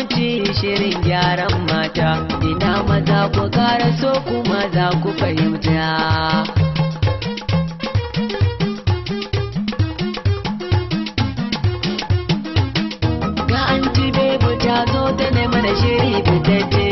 shugabanci shirin gyaran mata ina maza ku kara so kuma za ku fahimta ta zo ta mana shiri fitacce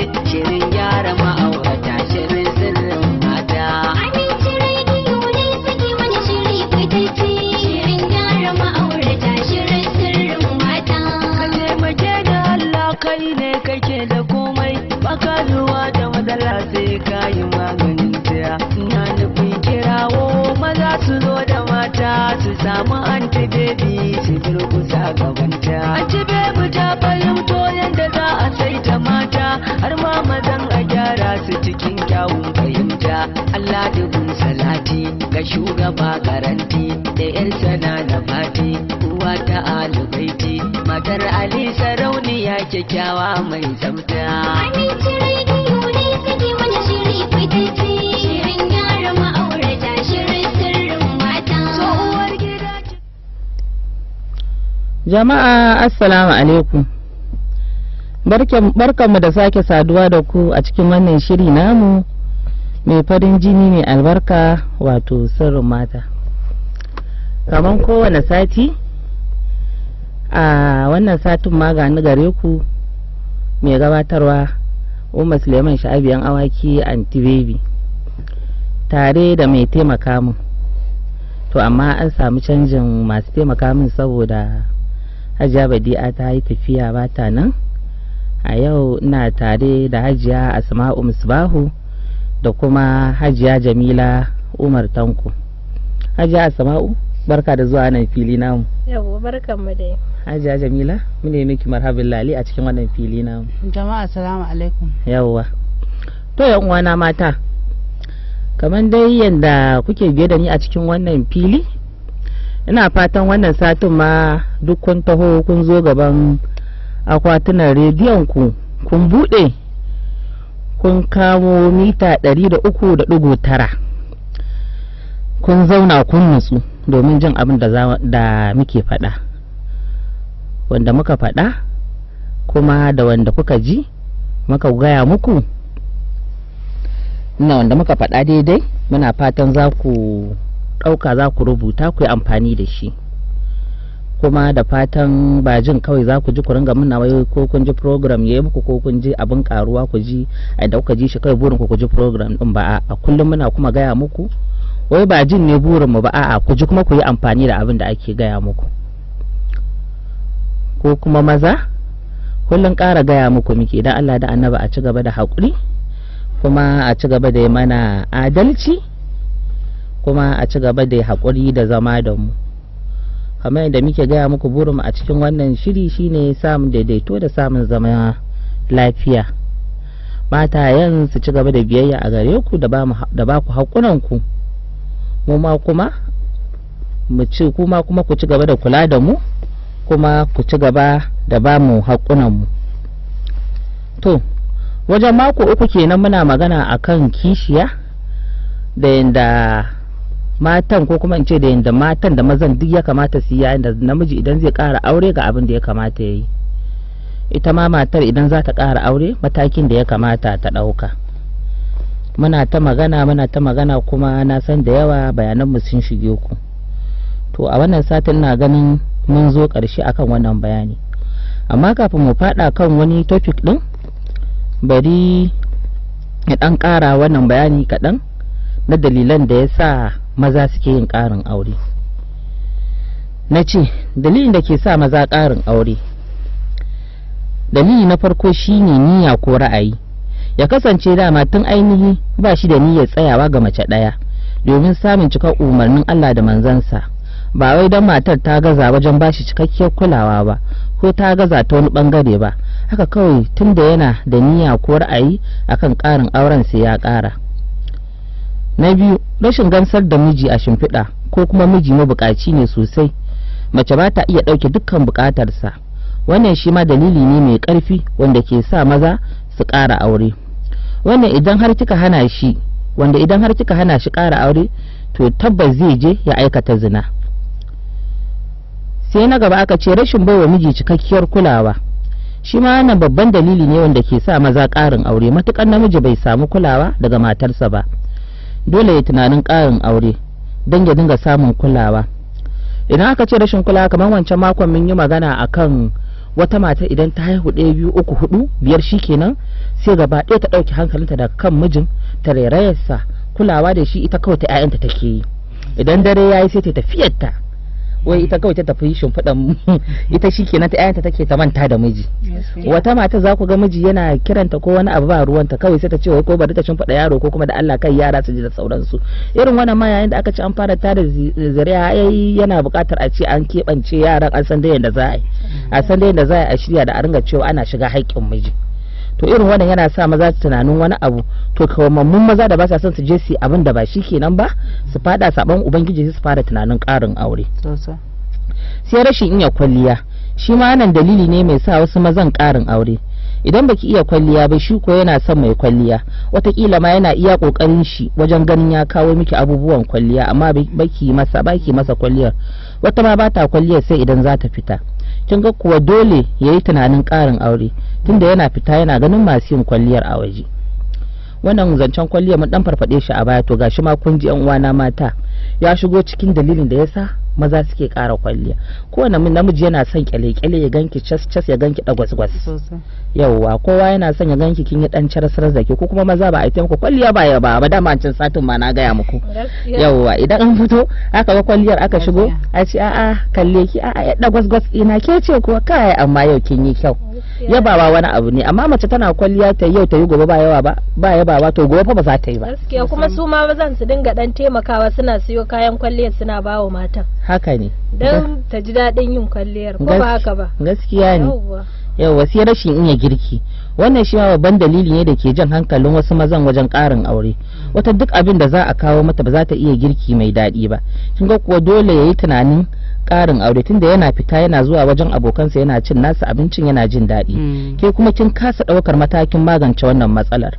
mata anti bebu ta fahimto yadda za a saita mata har ma mazan a gyara su cikin kyawun fahimta Allah dubun salati ga shugaba karanti da yar sana na fati uwa ta alubaiti matar Ali sarauniya kyakkyawa mai tsafta jama'a assalamu alaikum barkanmu da sake saduwa da ku a cikin wannan shiri namu mai farin jini mai albarka wato sirrin mata kamar kowane sati a wannan satin magani gare ku mai gabatarwa umar suleiman sha'abiyan awaki anti baby tare da mai taimaka min to amma an samu canjin masu taimaka min saboda hajiya badi'a ta yi tafiya ba ta nan a yau ina tare da hajiya asma'u musbahu da kuma hajiya jamila umar tanko hajiya asma'u barka da zuwa nan fili namu yau barkan mu dai hajiya jamila mune miki marhabin lali a cikin wannan fili namu jama'a salamu alaikum yawwa to yan uwana mata kamar dai yadda kuke biye da ni a cikin wannan fili ina fatan wannan satin ma duk kun taho kun zo gaban akwatunan rediyon ku kun bude kun kamo mita 300.9 kun zauna kun nutsu domin jin abin da muke faɗa wanda muka faɗa kuma da wanda kuka ji muka gaya muku na wanda muka faɗa daidai muna fatan za ku ɗauka za ku rubuta ku yi amfani da shi kuma da fatan ba jin kawai za ku ji ku ringa muna wai ko kun ji program ya yi muku ko kun ji abin karuwa ku ji a da kuka ji shi kawai burin ku ku ji program din ba a kullum muna kuma gaya muku wai ba jin ne burin mu ba a ku ji kuma ku yi amfani da abin da ake gaya muku ko kuma maza kullum ƙara gaya muku muke idan Allah da annaba a ci gaba da haƙuri kuma a ci gaba da mana adalci kuma a ci gaba da haƙuri da zama da mu kamar yadda muke gaya muku burin a cikin wannan shiri shine samun daidaito da samun zama lafiya yan su ci gaba da biyayya a gare ku da ba ku ku mu ma kuma mu ci kuma kuma ku ci gaba da kula da mu kuma ku ci gaba da ba mu mu to wajen mako uku kenan muna magana akan kishiya da yadda matan ko kuma in ce da yadda matan da mazan duk ya kamata su yayin da namiji idan zai ƙara aure ga abin da ya kamata ya yi ita ma matar idan za ta ƙara aure matakin da ya kamata ta ɗauka muna ta magana muna ta magana kuma na san da yawa bayananmu sun shige ku to a wannan satin na ganin mun zo ƙarshe akan wannan bayani amma kafin mu faɗa kan wani topic ɗin bari ya ɗan ƙara wannan bayani kaɗan na dalilan da ya sa maza suke yin ƙarin aure na ce dalilin da ke sa maza ƙarin aure dalili na farko shine niyya ko ra'ayi ya kasance dama tun ainihi ba shi da niyyar tsayawa ga mace ɗaya domin samun cikar umarnin Allah da manzansa ba wai don matar ta gaza wajen ba shi cikakkiyar kulawa ba ko ta gaza ta wani bangare ba haka kawai tun da yana da niyya ko ra'ayi akan ƙarin auren sai ya ƙara na biyu rashin gansar da miji a shimfiɗa ko kuma miji mabukaci ne sosai mace ba ta iya ɗauke dukkan buƙatarsa wannan shi ma dalili ne mai ƙarfi wanda ke sa maza su ƙara aure wannan idan har kika hana shi wanda idan har kika hana shi ƙara aure to tabbas zai je ya aikata zina sai na gaba aka ce rashin baiwa miji cikakkiyar kulawa shi ma wannan babban dalili ne wanda ke sa maza ƙarin aure matuƙar namiji bai samu kulawa daga matarsa ba dole ya tunanin ƙarin aure don ya dinga samun kulawa idan aka ce rashin kulawa kamar wancan makon mun yi magana akan wata mata idan ta haihu ɗaya biyu uku hudu biyar shi kenan sai gaba ɗaya ta ɗauki hankalinta daga kan mijin ta rairayarsa kulawa da shi ita kawai ta 'ya'yanta take yi idan dare ya yi sai ta tafiyarta wai ita kawai ta tafi shimfiɗan ita shi kenan ta yayanta take ta manta da miji wata mata za ku ga miji yana kiranta ko wani abu ba ruwanta kawai sai ta ce wai ko bari ta shimfiɗa yaro ko kuma da Allah kai yara su ji da sauransu irin wannan ma yayin da aka ci an fara tada zuriya ai yana buƙatar a ce an keɓance yaran an san da yadda za a yi a san da yadda za a shirya da a ringa cewa ana shiga haƙƙin miji. to irin wannan yana sa maza tunanin wani abu to kawamammun maza da ba sa son su je su abin da ba shi kenan ba su fada saban ubangiji su fara tunanin karin aure sai rashin iya kwalliya shi ma nan dalili ne mai sa wasu mazan karin aure idan baki iya kwalliya ba shi ko yana son mai kwalliya watakila ma yana iya kokarin shi wajen ganin ya kawo miki abubuwan kwalliya amma baki masa baki masa kwalliyar wata ma bata kwalliya sai idan za ta fita kin ga kuwa dole ya yi tunanin ƙarin aure tunda yana fita yana ganin masu yin kwalliyar a waje wannan zancen kwalliyar mun dan farfade shi a baya to gashi ma kun ji yan uwana mata ya shigo cikin dalilin da ya sa. maza suke ƙara kwalliya kowane namiji yana son kyale-kyale ya ganki cas-cas ya ganki dagwas-gwas yauwa kowa yana son ya ganki kin yi dan caras da ke ko kuma maza ba a yi kwalliya ba ya ba ba dama cin satin ma na gaya muku yauwa idan an fito aka ga kwalliyar aka shigo a ce a'a kalle ki a'a ya dagwas-gwas ina ke ce ko kai amma yau kin yi kyau yabawa wani abu ne amma mace tana kwalliya ta yau ta yi gobe ba yawa ba ba yabawa to gobe fa ba za ta yi ba gaskiya kuma su ma zan su dinga dan taimakawa suna siyo kayan kwalliyar suna bawa matan haka ne dan ta ji daɗin yin kwalliyar ko ba haka ba gaskiya ne yawa sai rashin iya girki wannan shi babban dalili ne da ke jan hankalin wasu mazan wajen ƙarin aure wata duk abin da za a kawo mata ba za ta iya girki mai daɗi ba kin ga kuwa dole yayi tunanin karin aure tunda yana fita yana zuwa wajen abokansa yana cin nasa abincin yana jin daɗi hmm. ke kuma kin kasa ɗaukar matakin magance wannan matsalar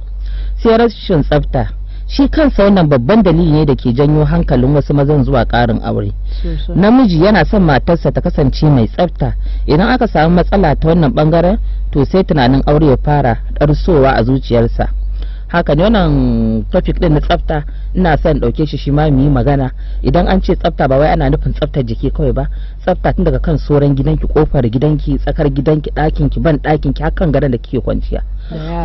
sai rashin tsafta shi kansa wannan babban dalili ne da ke janyo hankalin wasu mazan zuwa ƙarin aure namiji yana son matarsa ta kasance mai tsafta idan aka samu matsala ta wannan bangaren to sai tunanin aure ya fara ɗarsowa a zuciyarsa haka ne wannan topic din na tsafta ina son dauke shi shi ma mu yi magana idan an ce tsafta ba wai ana nufin tsaftar jiki kawai ba tsafta tun daga kan soran gidanki kofar gidanki tsakar gidanki ɗakin ki ban ɗakin ki hakan garin da kike kwanciya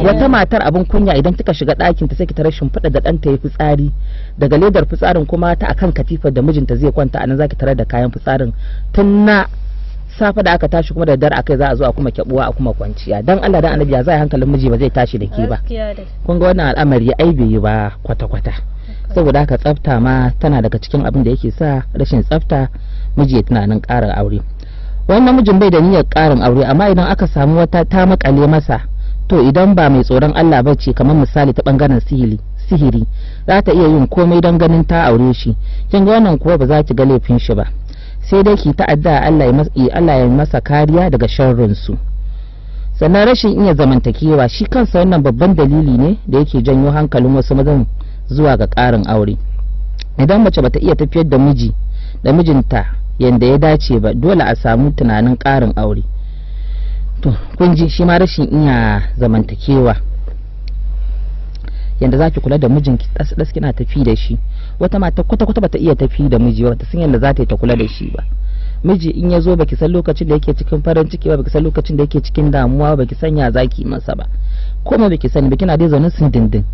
wata matar abin kunya idan kika shiga ɗakin ta sai ki ta rashin fada da ɗanta ya fitsari daga ledar fitsarin kuma ta akan katifa da mijinta zai kwanta anan zaki tare da kayan fitsarin tun na safe da aka tashi kuma da dare akai za a zo a kuma kyabuwa a kuma kwanciya dan Allah dan annabi ya zai hankalin miji ba zai tashi da ke ba kun ga wannan al'amari ai bai yi ba kwata kwata saboda haka tsafta ma tana daga cikin abin da yake sa rashin tsafta miji ya tunanin karin aure wannan mijin bai da niyyar karin aure amma idan aka samu wata ta makale masa to idan ba mai tsoron Allah ba ce kamar misali ta bangaren sihiri sihiri za ta iya yin komai don ganin ta aure shi kin ga wannan kuwa ba za ki ga laifin shi ba sai dai ki ta'adda Allah ya masa kariya daga sharrinsu sannan rashin iya zamantakewa shi kansa wannan babban dalili ne da yake janyo hankalin wasu mazan zuwa ga ƙarin aure idan mace bata iya tafiyar da miji da mijinta yadda ya dace ba dole a samu tunanin ƙarin aure to kun ji shi ma rashin iya zamantakewa yadda za kula da mijinki ɗas-ɗas kina tafi da shi wata mata kwata kwata bata iya tafi da miji ba ta san yadda za ta yi ta kula da shi ba miji in ya zo baki san lokacin da yake cikin farin ciki ba baki san lokacin da yake cikin damuwa ba baki san ya zaki masa ba ma baki sani baki na dai zaune sun dindin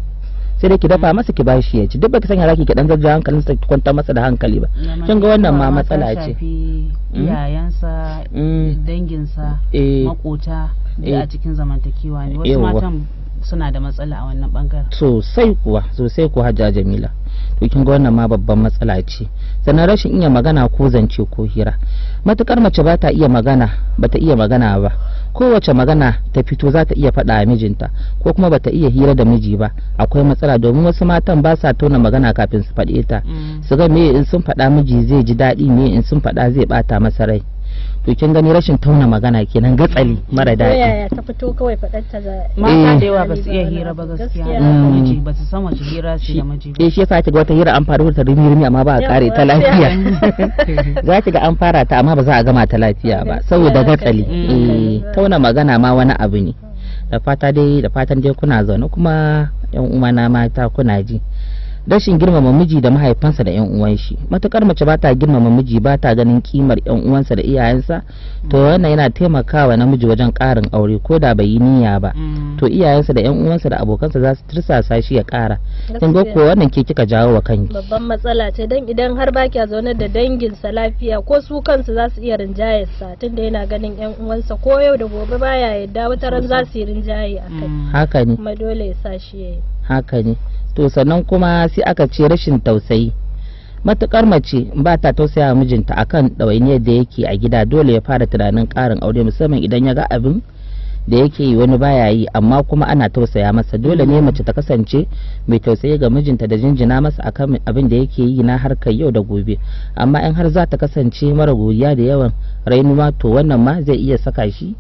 sai dai ki dafa mm. masa ki bashi ya ci duk baki sanya zaki ki dan jajja hankalin sa ki kwanta masa da hankali ba kin ga wannan ma matsala ce mm. iyayensa mm. danginsa eh. makota da eh. a cikin zamantakewa ne wasu matan suna da matsala a wannan bangaren sosai kuwa sosai kuwa hajja jamila to kin ga wannan ma babban matsala ce sannan rashin iya magana ko zance ko hira matukar mace ba ta iya magana ba ta iya magana ba kowace magana ta fito za ta iya faɗa a mijinta ko kuma ba ta iya hira da miji ba akwai matsala domin wasu matan ba sa tona magana kafin su faɗe ta mm. su ga me in sun faɗa miji zai ji daɗi me in sun faɗa zai ɓata masa rai to kin gani rashin tauna magana kenan gatsali mara daɗi yaya ta fito kawai faɗar ta za mata eh. da yawa ba su iya hira ba gaskiya mm. ba su san wace hira ce da miji ba eh, shi yasa kiga wata hira an fara ta rimi rimi amma ba a kare ta lafiya za ki ga an fara ta amma ba za a gama ta lafiya ba saboda gatsali mm. eh tauna magana ma wani abu ne da fata dai da fatan dai kuna zaune kuma yan uwa na mata kuna ji rashin girmama miji da mahaifansa da 'yan uwan shi matukar mace ba ta girmama miji ba ta ganin kimar 'yan uwansa da iyayensa to mm. wannan yana taimakawa namiji wajen karin aure ko da bai yi niyya ba mm. to iyayensa da 'yan uwansa da abokansa za su tirsasa shi ya kara kin ga ko wannan ke kika jawo wa kanki babban matsala ce dan idan har ba kya zaune da sa lafiya ko su kansu za su iya rinjaye sa tunda yana ganin 'yan uwansa ko yau da gobe baya yadda wata za su yi rinjaye akai mm. haka ne kuma dole ya sa shi haka ne to sannan kuma sai aka ce rashin tausayi matukar mace ba ta tausaya mijinta akan ɗawainiyar da yake a gida dole ya fara tunanin ƙarin aure musamman idan ya ga abin da yake yi wani baya yi amma kuma ana tausaya masa dole ne mace ta kasance mai tausayi ga mijinta da jinjina masa akan abin da yake yi na harkar yau da gobe amma in har za ta kasance mara godiya da yawan rainuwa to wannan ma zai iya saka shi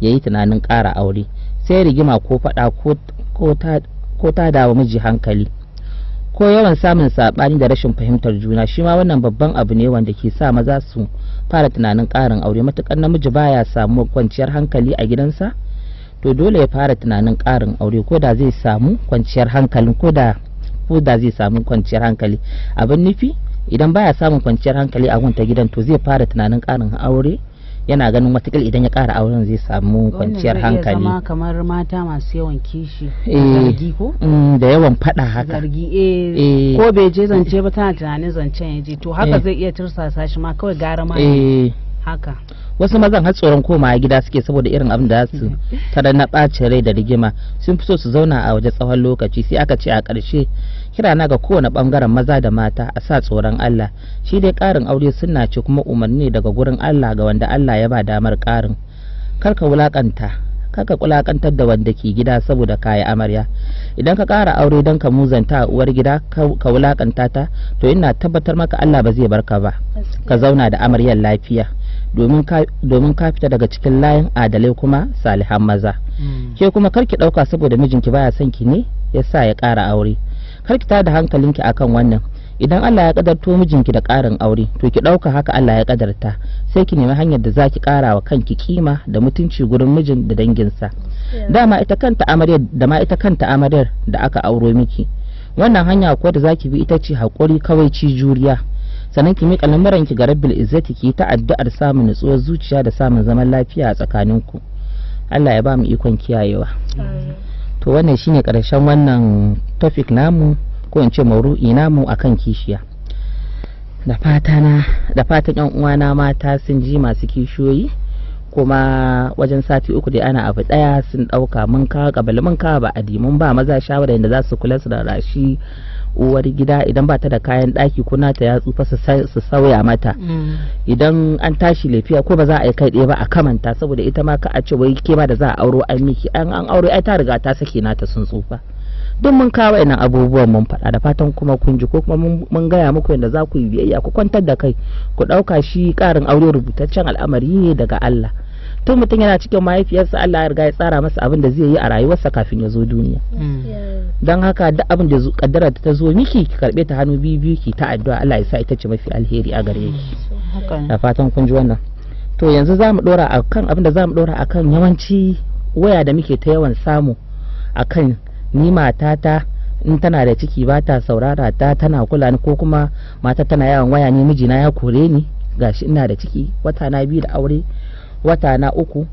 ya yi tunanin ƙara aure sai rigima ko faɗa ko ta ko ta wa miji hankali ko yawan samun saɓani da rashin fahimtar juna shi ma wannan babban abu ne wanda ke sa maza su fara tunanin ƙarin aure matuƙar namiji baya samu kwanciyar hankali a gidansa to dole ya fara tunanin ƙarin aure ko da zai samu kwanciyar hankali ko da ko da zai samu kwanciyar hankali abin nufi idan baya samun kwanciyar hankali a gunta gidan to zai fara tunanin ƙarin aure yana ganin matakil idan ya kara auren zai samu kwanciyar hankali zama kamar mata masu yawan kishi eh, zargi ko mm, da yawan fada haka zargi eh. Eh. ko bai je zance ba tana tunanin zancen ya je to haka zai iya tursasa shi ma kawai gara ma haka wasu mazan har tsoron koma gida suke saboda irin abin da su tare na ɓacin rai da rigima sun fi so su zauna a waje tsawon lokaci sai aka ce a ƙarshe kirana ga kowane bangaren maza da mata a sa tsoron Allah shi dai ƙarin aure sunna ce kuma umarni daga gurin Allah ga wanda Allah ya ba damar ƙarin karka wulakanta kaka kulakantar da wanda ke gida saboda kaya amarya idan ka ƙara aure don ka muzanta uwar gida ka wulakanta ta to ina tabbatar maka Allah ba zai barka ba ka zauna da amaryar lafiya domin ka fita daga cikin layin adalai kuma salihan maza hmm. ke kuma karki ɗauka saboda mijinki baya son ki ne yasa ya ƙara aure kar ki tada hankalinki akan wannan idan Allah ya kadarto mijinki da karin aure to ki ɗauka haka Allah ya kadarta sai ki nemi hanyar da za ki ƙara wa kanki kima da mutunci gurin mijin da danginsa dama ita kanta amaryar da ma ita kanta amaryar da aka auro miki wannan hanya ko da zaki bi ita ce hakuri kawai ci juriya sannan ki miƙa lamuran ki ga rabbil izzati ki ta addu'ar samun nutsuwar zuciya da samun zaman lafiya a tsakaninku Allah ya ba mu ikon kiyayewa to wannan shine karshen wannan topic namu ko in ce mauru'i namu akan kishiya da fatan yan uwana mata sun ji masu kishiyoyi kuma wajen sati uku da ana abu daya sun dauka mun kawo kabali mun kawo ba a ba maza shawara inda za su kula su da rashi uwar gida idan ba ta da kayan ɗaki ko nata ya tsufa su sauya mata mm. idan an tashi lafiya ko ba za a yi kai ɗaya ba a kamanta saboda ita ma ka a ce wai ke ma da za a auro an miki an an aure ai ta riga ta sake nata sun tsufa duk mun kawo ina abubuwan mun faɗa da fatan kuma kun ji ko kuma mun gaya muku yadda za ku yi biyayya ku kwantar da kai ku ɗauka shi ƙarin aure rubutaccen al'amari ne daga Allah tun mutum yana cikin mahaifiyarsa Allah ya riga ya tsara masa abin da zai yi a rayuwarsa kafin ya zo duniya mm. don haka duk abin da kaddara ta zo miki ki karbe ta hannu biyu biyu ki ta addu'a Allah ya sa ita ce mafi alheri a gare ki mm. da fatan kun ji wannan to yanzu zamu mu dora akan abin da za mu dora akan yawanci waya da muke ta yawan samu akan ni matata in tana da ciki ba ta saurara ta tana kula ni ko kuma mata tana yawan waya ne mijina ya kore ni gashi ina da ciki wata na biyu da aure wata na uku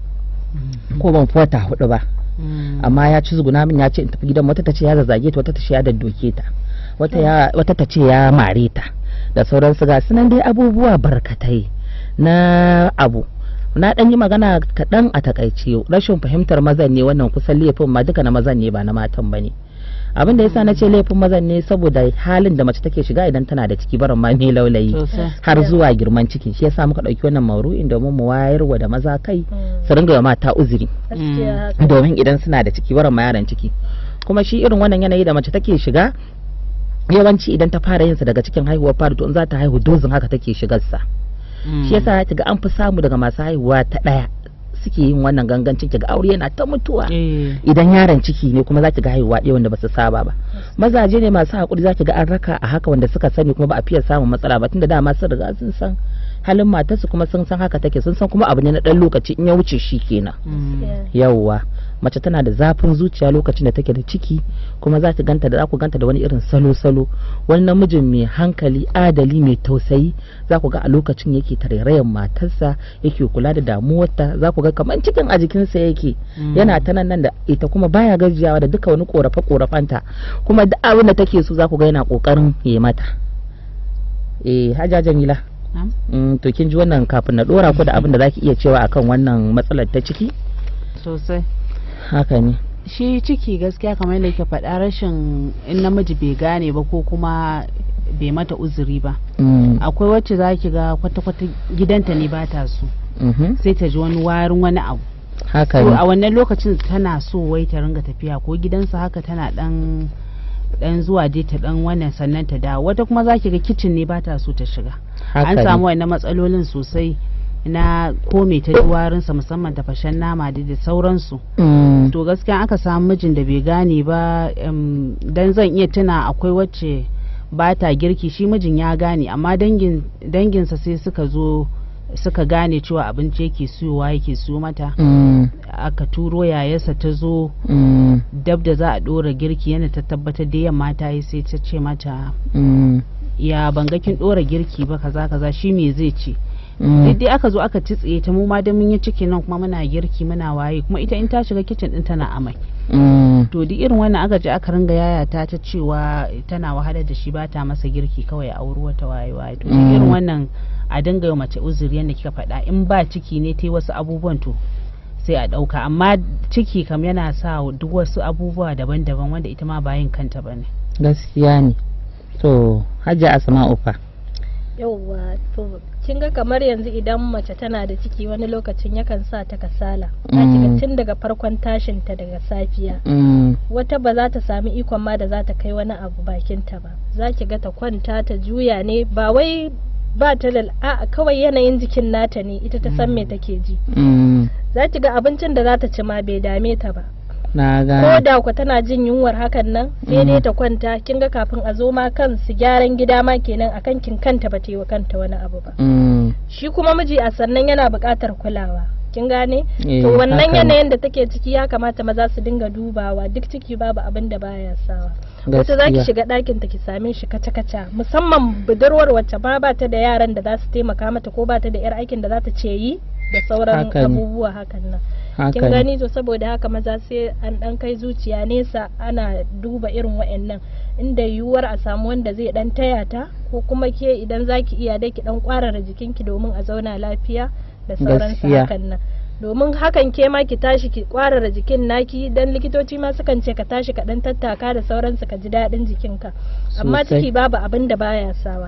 ko ban fi wata hudu ba mm. amma ya ci zuguna min ya ce in tafi gidan wata ta ce ya zazzage ta wata ta ce ya daddoke ta wata ta ce ya mare ta da sauran su ga sunan dai abubuwa barkatai na abu na dan yi magana kaɗan a takaice rashin fahimtar mazan ne wannan kusan laifin ma duka na mazan ne ba na matan ba ne abin da yasa ce laifin mazan ne saboda halin da mace take shiga idan tana da ciki barin ma mai laulayi har zuwa girman cikin shi yasa muka dauki wannan mauru'in domin mu wa da maza kai hmm. su ringa wa mata uzuri domin idan suna da ciki barin ma ciki kuma shi irin wannan yanayi da mace take shiga yawanci idan ta fara yinsa daga cikin haihuwar fari to in za ta haihu dozin haka take shigarsa hmm. shi yasa ta ga an fi samu daga masu haihuwa ta ɗaya suke yin wannan gangancin ga aure yana ta mutuwa eh. idan yaron ciki ne kuma zaki ga haihuwa ɗaya wanda ba su saba ba mazaje ne masu hakuri zaki ga an raka a haka wanda suka sani kuma ba a fiye samun matsala ba tunda dama sun riga sun san halin matarsu kuma sun san haka take sun san kuma abu ne na ɗan lokaci in ya wuce shi kenan mm. yawwa mace tana da zafin zuciya lokacin da take da ciki kuma za ta ganta da za ku ganta da wani irin salo-salo wani namijin mai hankali adali mai tausayi za ku ga a lokacin yake tarairayan matarsa yake kula da damuwarta za ku ga kamar cikin a jikinsa yake mm. yana ta nan da ita kuma baya gajiyawa da duka wani korafe korafanta kuma duk abin da take so za ku ga yana kokarin ya mata eh hajja jamila mm, to kin ji wannan kafin na dora ku da abin da zaki iya cewa akan wannan matsalar ta ciki sosai haka ne shi ciki gaskiya kamar yadda ke faɗa rashin in namiji bai gane ba ko kuma bai mata uzuri ba mm. akwai wacce za ki ga kwata-kwata gidanta ne ba ta so mm-hmm. sai ta ji wani warin wani abu haka ne a wannan lokacin tana so wai ta ringa tafiya ko gidansa haka tana dan dan zuwa je ta dan wannan sannan ta dawo wata kuma za ki ga kicin ne ba ta so ta shiga an samu wannan matsalolin sosai na kome ta warinsa musamman tafashen nama da sauransu mm. to gaskiya aka samu mijin da bai gane ba dan zan iya tuna akwai wacce ba ta girki shi mijin ya gane amma danginsa sai suka zo suka gane cewa abinci yake siyowa yake siyo mata mm. aka turo yayarsa ta zo mm. dab da za a dora girki yana ta tabbatar da yamma ta yi sai ta ce mata ya bangakin kin dora girki ba kaza kaza shi me zai ce Mm. dai aka zo aka tsitsiye ta mu ma da mun yi ciki nan kuma muna girki muna waye kuma ita in ta shiga kicin din tana amai mm. to di irin wannan aka je aka ringa yaya ta ta cewa tana wahalar da shi ba ta masa girki kawai a wurwa wata waye waye to irin mm. wannan a dinga yau mace uzuri yadda kika faɗa in ba ciki ne ta wasu abubuwan to sai a ɗauka amma ciki kam yana sa duk wasu abubuwa daban-daban wanda ita ma bayan kanta ba ne gaskiya ne to Hajji asma'u fa yauwa to kin ga kamar yanzu idan mace tana da ciki wani lokacin yakan sa ta kasala mm. tun daga farkon tashin ta daga safiya mm. wata ba za ta sami ikon ma da za ta kai wani abu bakin ta ba za ki ga ta kwanta ta juya ne ba wai ba ta a kawai yanayin jikin nata ne ita ta san me mm. take ji za ki ga abincin da za ta ci ma bai dame ta ba na gane ko da ku tana jin yunwar hakan nan sai dai mhm. ta kwanta kin ga kafin a zo ma kansu gyaran gida ma kenan akan kin kanta ba ta yi wa kanta wani abu ba mm. shi kuma miji a sannan yana buƙatar kulawa kin gane eh, to wannan yanayin da take ciki ya kamata maza su dinga dubawa duk ciki babu abin da baya sawa wata za ki shiga ɗakin ta ki same shi kaca-kaca musamman budurwar wacce ba ba ta da yaran da za su taimaka mata ko ba ta da yar aikin da za ta ce yi da sauran abubuwa hakan nan kin gani to saboda haka maza sai an dan kai zuciya nesa ana duba irin waɗannan inda yiwuwar a samu wanda zai dan taya ta ko kuma ke idan zaki iya dai ki dan kwarara jikinki domin a zauna lafiya da sauransu hakan nan domin hakan ke ma ki tashi ki kwarara jikin naki dan likitoci ma sukan ce ka tashi ka dan tattaka da sauransu ka ji daɗin jikinka amma ciki babu abin da baya sawa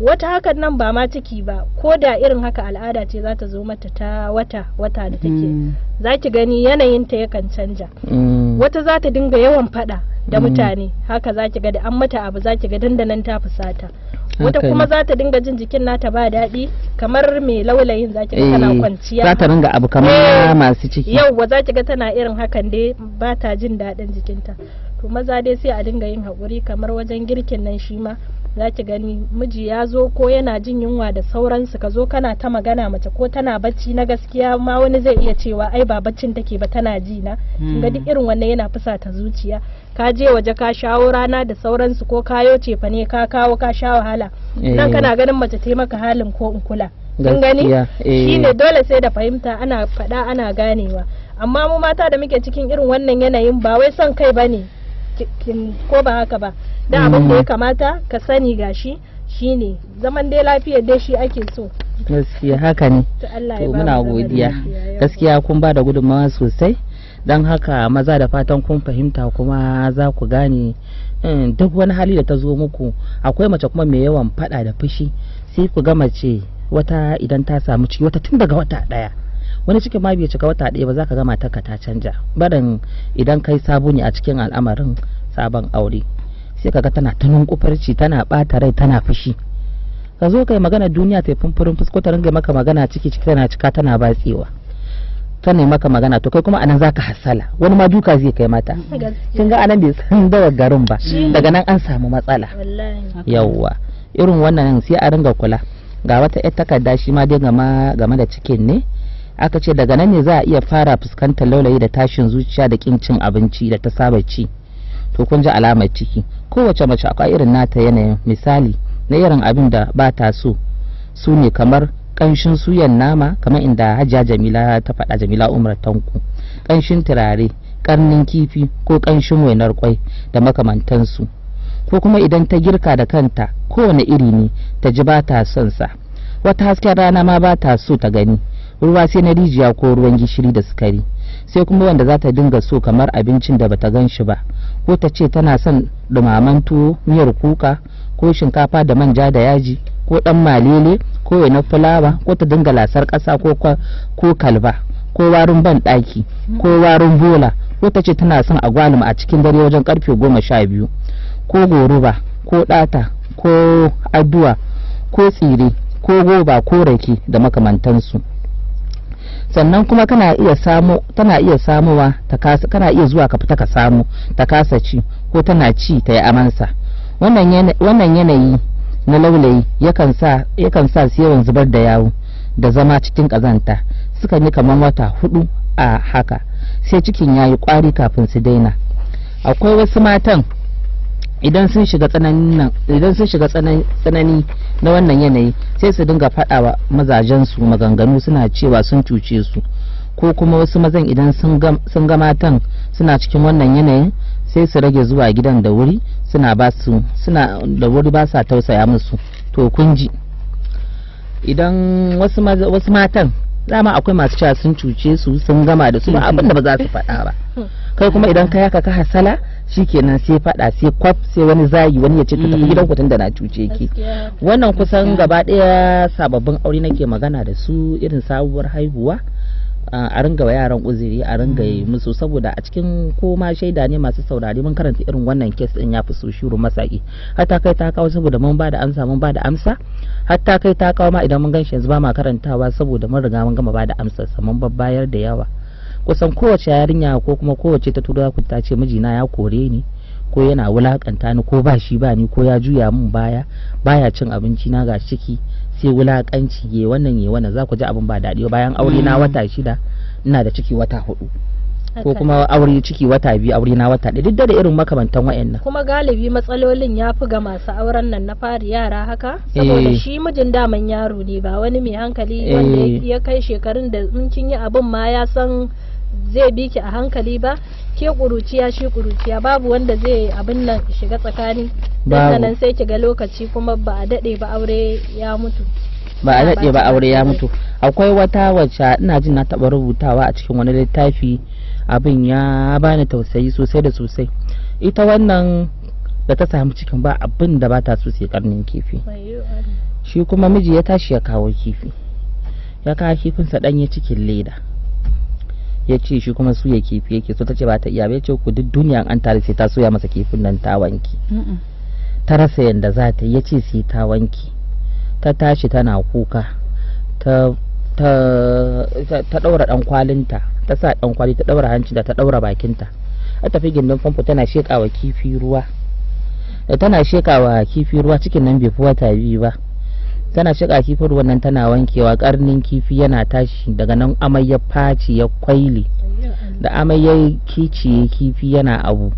wata hakan nan ba ma ciki ba ko da irin haka al'ada ce za ta zo mata ta wata wata da take hmm. za ki gani yanayin ta yakan canja hmm. wata za ta dinga yawan fada da hmm. mutane haka za ki ga da an mata abu za ki ga dandanan ta fusata wata kuma za ta dinga jin jikin nata ba daɗi kamar mai laulayin za ki ga tana eh, kwanciya za ta ringa abu kamar eh, masu ciki yauwa za ki ga tana irin hakan dai ba ta jin daɗin jikinta to maza dai sai a dinga yin haƙuri kamar wajen girkin nan shi ma za ki gani miji ya zo ko yana jin yunwa da sauransu ka zo kana ta magana mace ko tana bacci na gaskiya ma wani zai iya cewa ai ba baccin take ba tana ji na ga duk hmm. irin wannan yana ta zuciya ka je waje ka shawo rana da sauransu ko kayo cefa ne ka kawo ka sha wahala eh. nan kana ganin mace taimaka halin ko in kula kun gani eh. shine dole sai da fahimta ana faɗa ana ganewa amma mu mata da muke cikin irin wannan yanayin ba wai son kai bane ko ba haka ba da abin da ya mm. kamata ka sani gashi shine zaman dai lafiyar dai shi ake so gaskiya haka ne to muna godiya gaskiya kun ba da gudunmawa sosai don haka maza da fatan kun fahimta kuma za ku gane eh, duk wani hali da ta zo muku akwai mace kuma mai yawan fada da fushi sai ku ga mace wata idan ta samu ciki wata tun daga wata daya wani cikin ma bai cika wata daya ba za ka ga matarka ta canja barin idan kai sabo ne a cikin al'amarin sabon aure sai kaga tana ta nunkufarci tana bata rai tana fushi ka zo kai magana duniya ta fumfurin fusko ga ringa maka magana ciki ciki tana cika tana batsewa ta ne maka magana to kai kuma anan zaka hasala wani ma duka zai kai mata kin ga anan bai san dawa garin ba daga nan an samu matsala yawwa irin wannan sai a ringa kula ga wata yar takarda shi ma dai game da cikin ne aka ce daga nan ne za a iya fara fuskantar laulayi da tashin zuciya da kin cin abinci da ta saba ci to kun ji alamar ciki kowace mace akwai irin nata yanayin misali na irin abin da ba ta so su ne kamar kanshin suyan nama kamar inda hajiya jamila ta faɗa jamila umar tanku kanshin turare karnin kifi ko kanshin wainar kwai da makamantansu ko kuma idan ta girka da kanta kowane iri ne ta ji ba ta son sa wata hasken rana ma ba ta so ta gani ruwa sai na rijiya ko ruwan gishiri da sukari sai kuma wanda za ta dinga so kamar abincin da bata gan shi ba ko ta ce tana son dumaman tuwo miyar kuka ko shinkafa da manja da yaji ko dan malele ko na fulawa ko ta dinga lasar ƙasa ko kalba ko warin ban ɗaki ko warin bola ko ta ce tana son agwaluma a cikin dare wajen karfe goma sha biyu ko goruba ko ɗata ko addu'a ko tsire ko goba ko rake da makamantansu sannan kuma kana iya samu tana iya samuwa ta kasa kana iya zuwa ka fita ka samu ta kasa ci ko tana ci ta yi amansa wannan yanayi na laulayi yakan sa yakan sa su yawan zubar da yawo da zama cikin kazanta suka yi kamar wata hudu a haka sai cikin yayi kwari kafin su daina akwai wasu matan idan sun shiga tsanani na wannan yanayi sai su dinga faɗawa mazajensu maganganu suna cewa sun cuce su ko kuma wasu mazan idan sun ga matan suna cikin wannan yanayin sai su rage zuwa gidan da wuri suna ba su suna da wuri ba sa tausaya musu to kun ji idan wasu wasu matan dama akwai masu cewa sun cuce su sun gama da su ba abin da ba za su faɗa ba hmm. kai kuma idan ka yaka ka hasala shikenan sai fada sai kwaf sai wani zagi wani ya ce ta tafi mm. gidan kutun da na cuce ki wannan kusan gaba daya sababbin aure nake magana da su irin sabuwar haihuwa a ringa wa yaran uzuri a ringa yi mm. musu saboda a cikin koma shaida ne masu saurari mun karanta irin wannan kes din ya fi so shiru masaki hatta kai ta kawo saboda mun ba da amsa mun ba da amsa hatta kai ta kawo ma idan mun ganshi yanzu ba ma karantawa saboda mun riga mun gama ba da amsa mun babbayar da yawa kusan kowace yarinya ko kuma kowace ta tura ku ta ce mijina ya kore ni ko yana wulakanta ni ko ba shi ba ni ko ya juya min baya baya cin abinci na ga ciki sai wulakanci ye wannan ye wannan za ku ji abin ba daɗi bayan aure na mm. wata shida ina da ciki wata hudu ko kuma aure ciki wata biyu aure na wata ɗaya duk da irin makamantan wayannan kuma galibi matsalolin ya fi ga masu auren nan na fari yara haka saboda eh. shi mijin daman yaro ne ba wani mai hankali wanda eh. ya kai shekarun da in kin yi abin ma ya san zai bi ki a hankali ba ke kuruciya shi kuruciya babu wanda zai abin nan shiga tsakani nan sai ki ga lokaci kuma ba a daɗe ba aure ya mutu ba a daɗe ba aure ya mutu akwai wata wacce ina jin na taɓa rubutawa a cikin wani littafi abin ya bani tausayi sosai da sosai ita wannan da ta samu cikin ba abin da ba ta so sai karnin kifi shi kuma miji ya tashi ya kawo kifi ya kawo kifinsa ɗanye cikin leda ya ce shi kuma suya kifi yake so ta ce ba ta iya ya ce ku duk duniyan an tare sai ta soya masa kifin nan ta wanki ta rasa yadda za ta ya ce sai ta wanki ta tashi tana kuka ta ɗaura ɗan kwalinta ta sa ɗan kwali ta ɗaura hanci da ta ɗaura bakinta a tafi gindin famfo tana sheƙawa kifi ruwa tana shekawa kifi ruwa cikin nan bai fi wata biyu ba tana shiga kifin wannan tana wankewa karnin kifi yana tashi daga nan amai ya faci ya kwaile da amai ya kiciye kifi yana abu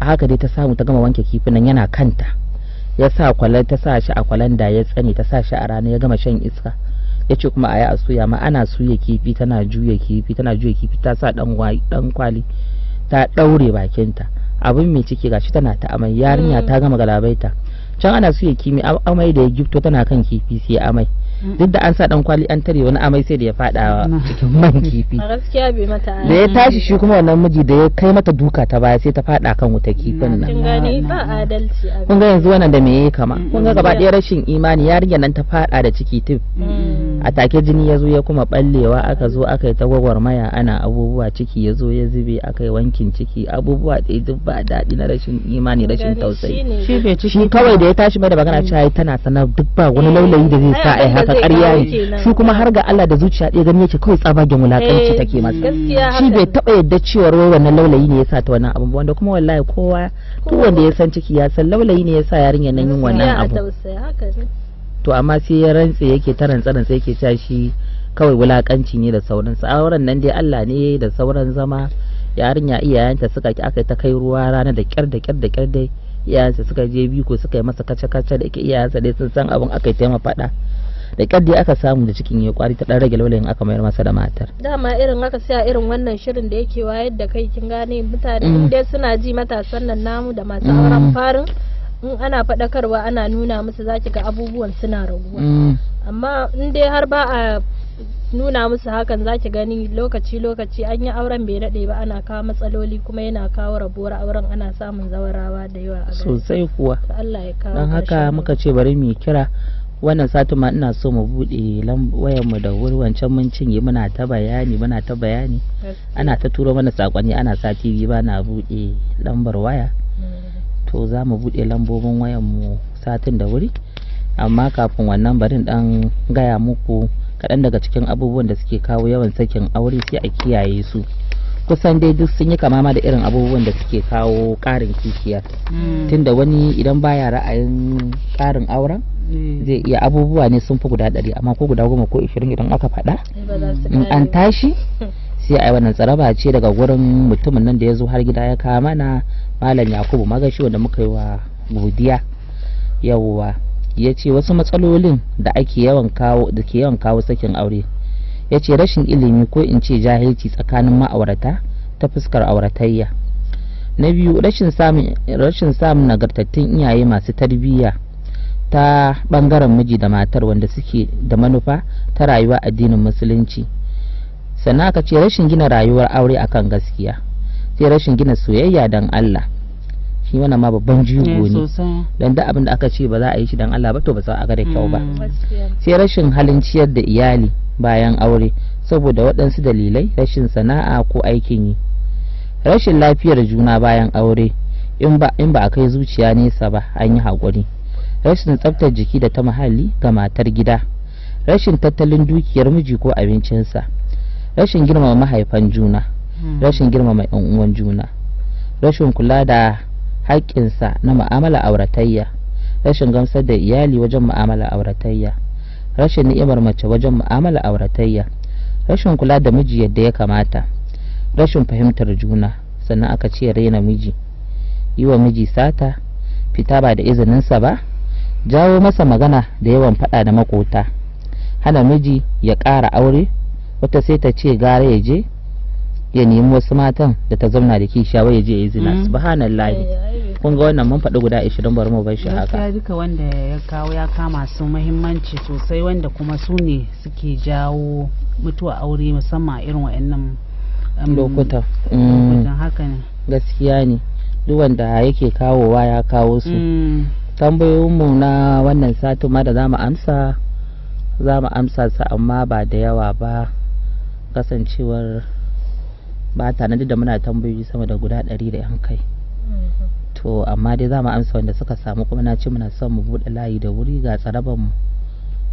a haka dai ta samu ta gama wanke kifin nan yana kanta ya sa kwalar ta sa shi a kwalanda ya tsane ta sa shi a rana ya gama shan iska ya ce kuma a yi a suya ma ana suya kifi tana juya kifi tana juya kifi ta sa dan kwali ta daure bakinta abin mai ciki gashi tana ta amai yarinya ta gama galabaita can ana su ya kimi amai da ya gifto tana kan kifi sai amai mm. duk da an sa dan kwali an tare wani amai sai da ya fada mm. cikin man kifi gaskiya bai mata da ya tashi shi kuma wannan miji da ya kai mata duka ta baya sai ta fada kan wuta mm. kifin nan kin gane ba adalci kun ga yanzu wannan da me yake kama kun ga gaba ɗaya rashin imani ya yarinya nan ta fada da ciki tip a take jini ya zo ya kuma ɓallewa aka zo aka yi ta gwagwarmaya ana abubuwa ciki ya zo ya zube aka yi wankin ciki abubuwa ɗaya duk ba daɗi na rashin imani rashin tausayi shi kawai da ya tashi mai da magana cewa tana sana duk ba wani laulayi da zai sa a yi eh, haka ƙarya ne shi kuma har ga Allah da zuciya ɗaya gani yake kawai tsabagen wulaƙanci eh, take masa shi bai taɓa yadda cewa wai wannan laulayi ne ya sa ta wannan abu wanda kuma wallahi kowa duk wanda ya san ciki ya san laulayi ne ya sa yarinyar nan yin wannan abu to amma sai ya rantse yake ta rantsa yake sa shi kawai wulakanci ne da sauran auren nan dai Allah ne da sauran zama yarinya iyayenta suka ki aka ta kai ruwa rana da kyar da kyar da kyar dai iyayensa suka je biko suka yi masa kace kace da yake iyayensa dai sun san abun aka yi faɗa da kyar dai aka samu da cikin ya kwari ta dan rage laulayin aka mayar masa da matar dama irin haka sai a irin wannan shirin da yake wayar da kai kin gane mutane mm. dai suna ji matasan nan namu da masu auren mm. farin in ana faɗakarwa ana nuna musu zaki ga abubuwan suna raguwa mm. amma in dai har ba a nuna musu hakan zaki gani lokaci lokaci an yi auren bai daɗe ba ana kawo matsaloli kuma yana kawo rabuwar auren ana samun zawarawa da yawa a sosai kuwa don haka muka ce bari mu kira wannan satuma ina so mu buɗe mu da wuri wancan mun cinye muna ta bayani muna ta bayani ana ta turo mana sakonni ana sa tv ba na buɗe lambar waya to za mu buɗe lambobin wayan mu satin da wuri amma kafin wannan barin ɗan gaya muku kaɗan daga cikin abubuwan da suke kawo yawan sakin aure sai a kiyaye su kusan dai duk sun yi kamama da irin abubuwan da suke kawo ƙarin tun hmm. tunda wani idan baya ra'ayin ƙarin auren hmm. zai iya abubuwa ne sun fi guda ɗari amma ko guda goma ko ishirin idan aka faɗa in an tashi sai a yi wannan tsaraba ce daga gurin mutumin nan da ya zo har gida ya kawo mana malam yakubu magashi wanda muka yi wa godiya yawwa ya ce wasu matsalolin da ake yawan kawo da ke yawan kawo sakin aure ya ce rashin ilimi ko in ce jahilci tsakanin ma'aurata ta fuskar auratayya na biyu rashin samun nagartattun iyaye masu tarbiyya ta bangaren miji da matar wanda suke da manufa ta rayuwa addinin musulunci sannan aka ce rashin gina rayuwar aure akan gaskiya sai rashin gina soyayya dan Allah shi wannan ma babban jigo eh, ne dan da abin da aka ce ba za a yi shi dan Allah ba to ba za a ga da kyau ba mm. sai rashin halin ciyar da iyali bayan aure saboda waɗansu dalilai rashin sana'a ko aikin yi rashin lafiyar juna bayan aure in ba a kai zuciya nesa ba an yi haƙuri rashin tsaftar jiki da ta muhalli ga matar gida rashin tattalin dukiyar miji ko abincinsa rashin girmama mahaifan juna hmm. rashin girmama yan uwan juna rashin kula da haƙƙinsa na ma'amala auratayya rashin gamsar da iyali wajen ma'amala auratayya rashin ni'imar mace wajen ma'amala auratayya rashin kula da miji yadda ya kamata rashin fahimtar juna sannan aka ce raina miji yi wa miji sata fita ba da izininsa ba jawo masa magana da yawan faɗa da makota hana miji ya ƙara aure wata sai ta ce gara ya je ya nemi wasu matan da ta zauna da kishiyawar ya je ya yi zina mm-hmm. subhanallah kun ga wannan mun faɗi guda 20 bari mu bar shi haka gaskiya duka wanda ya kawo ya kama su muhimmanci sosai wanda kuma su ne suke jawo mutuwa aure musamman irin wa'annan um, lokuta mm. haka ne gaskiya ne duk wanda yake kawowa ya kawo su mm. tambayoyinmu na wannan satin ma da za mu amsa za mu amsa su amma ba da yawa ba kasancewar ba ta nan da muna tambayoyi sama da guda ɗari da yan kai mm-hmm. to amma dai za mu amsa wanda suka samu kuma na ce muna son mu buɗe layi da wuri ga tsarabar mu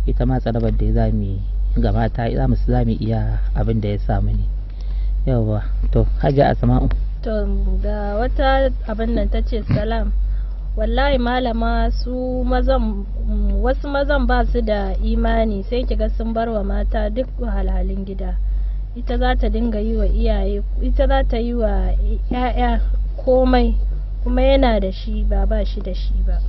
ita ma tsarabar da za mu ga mata za mu za iya abin da ya samu ne yawa to hajji asma'u to ga wata abin nan ta ce salam wallahi malama su mazan wasu mazan ba su da imani sai kiga sun bar wa mata duk halalin gida ita za ta dinga yi wa iyaye ita za ta yi wa 'ya'ya komai kuma yana da shi ba ba shi da shi ba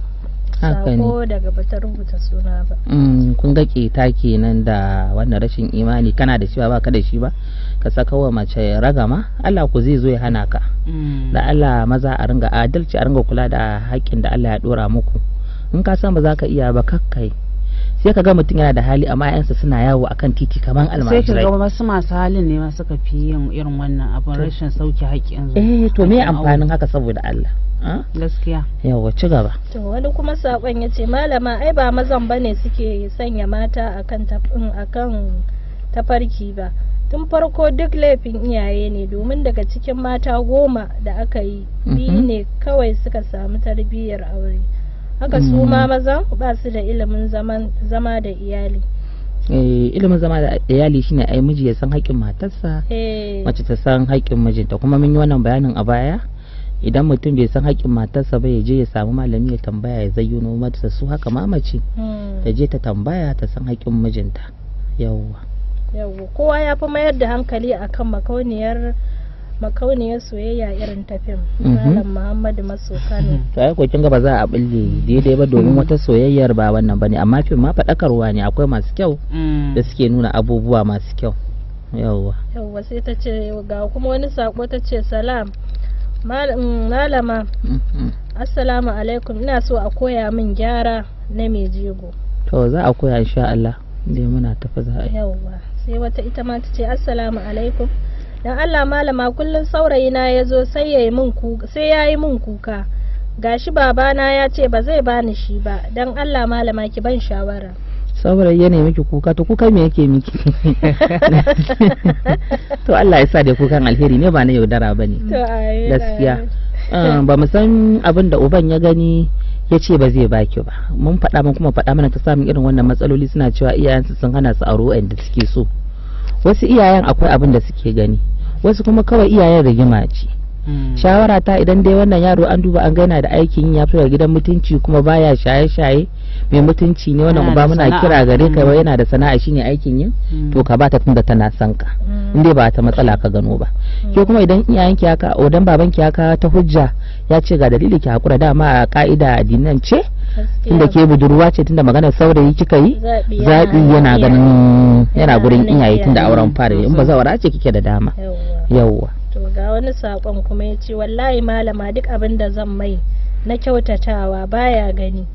sako daga bata rubuta suna ba mm, kun ga keta kenan da wannan rashin imani kana da shi ba ka da shi ba ka saka wa mace ragama Allah ku zai zo ya hana ka mm. da Allah maza a ringa adalci a ringa kula da haƙƙin da Allah ya dora muku in ka san ba za ka iya ba kakkai sai ka ga mutum yana da hali amma ƴansa suna yawo akan titi kamar almajirai sai ka ga masu masu halin ne ma suka fi yin irin wannan abin rashin sauki haƙƙin eh to me amfanin haka saboda Allah ah? gaskiya yawa ci gaba to wani kuma sakon yace malama ai ba mazan bane suke sanya mata akan akan tafarki ba tun farko duk laifin iyaye ne domin daga cikin mata goma da aka yi mhm. biyu ne kawai suka samu tarbiyyar aure haka su ma hmm. mazan ba su da ilimin zama da iyali eh, ilimin zama da iyali shine ai miji ya san haƙƙin matarsa eh. mace ta san haƙƙin mijinta kuma mun yi wannan bayanin a baya idan mutum bai san haƙƙin matarsa ba ya je ya samu malami ya tambaya ya zayyano mata su haka mamaci hmm. ta je ta tambaya ta san haƙƙin mijinta yawwa yawwa kowa ya fi mayar da hankali akan makauniyar makauniyar soyayya irin ta fim mhm. malam muhammadu maso ne hmm. to ai kokin gaba za a bulle daidai ba domin hmm. wata soyayyar ba wannan bane amma fim ma faɗakarwa ne akwai masu kyau hmm. da suke nuna abubuwa masu kyau yawwa yawwa sai ta ce ga kuma wani sako ta ce salam malama assalamu alaikum ina so a koya min gyara na mai jego to za a koya insha Allah dai muna tafi za a yi yawwa sai wata ita ma ta ce assalamu alaikum dan Allah malama kullum saurayina ya zo sai ya yi min kuka gashi babana ya ce ba zai bani shi ba dan Allah malama ki ban shawara saurayi yana miki kuka to kuka me yake miki to Allah ya sa da kukan alheri ne ba na yaudara ba ne gaskiya ah, ba mu san abin da uban ya gani ya ce ba zai baki ba mun faɗa mun kuma faɗa mana ta samun irin wannan matsaloli suna cewa iyayensu sun hana su aro da suke so wasu iyayen akwai abin da suke gani wasu kuma kawai iyayen rigima ce Hmm. shawara ta idan dai wannan yaro an duba an gaina da aikin ya ga gidan mutunci kuma baya shaye-shaye mai hmm. mutunci ne wannan ba muna kira gare ka hmm. yana da sana'a shine aikin yin to ka bata tunda tana son ka in dai ba ta matsala ka gano ba ke kuma idan iyayenki haka odan babanki haka ta hujja ya ce ga dalili ki hakura dama a ka'ida addinan ce tunda ke budurwa ce tunda maganar saurayi kika yi zaɓi yana ganin yana gurin iyaye tunda auren fara in ba wara ce kike da dama yawwa wani saƙon kuma ya ce wallahi malama duk abin da zan mai na kyautatawa baya gani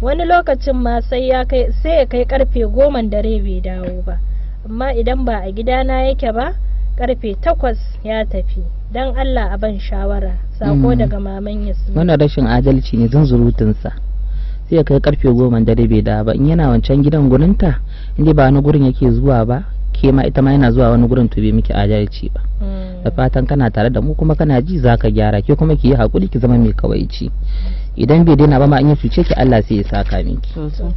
wani lokacin ma sai ya kai sai ya kai karfe goma dare bai dawo ba amma idan ba a gidana yake ba karfe takwas ya tafi don allah a ban shawara sako hmm. daga maman yasmin wannan rashin adalci ne zan zurutunsa sai ya kai karfe goma dare bai dawo ba in yana wancan gidan gurinta inda ba wani gurin yake zuwa ba ke ma ita ma yana zuwa wani gurin to bai miki adalci ba hmm. da fatan kana tare da mu kuma kana ji zaka gyara ke kuma ki yi hakuri ki zama mai kawaici idan bai daina ba ma an yi fice ki Allah sai ya saka miki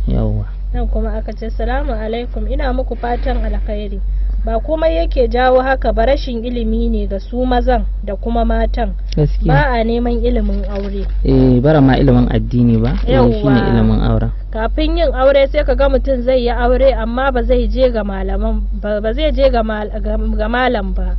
yawwa nan kuma aka ce salamu alaikum ina muku fatan alkhairi ba komai yake jawo haka ba rashin ilimi ne ga su mazan da kuma matan ba a neman ilimin aure eh bara ma ilimin addini ba eh, shine ilimin aure kafin yin aure sai ka ga mutum zai yi aure amma ba zai je ga malaman ba zai je ga malam ba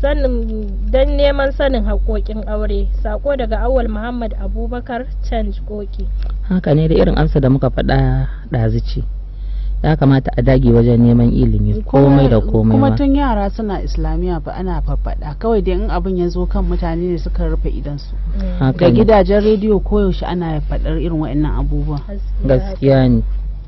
sanin don neman sanin haƙoƙin aure sako daga awal muhammad abubakar change koki haka ne da irin amsa da muka faɗa ɗazu ce ya kamata a dage wajen neman ilimi komai da komai kuma tun yara suna islamiyya ba ana faɗa kawai dai in abin ya zo kan mutane ne suka rufe idan su, ga gidajen rediyo koyaushe ana faɗar irin waɗannan abubuwa gaskiya ne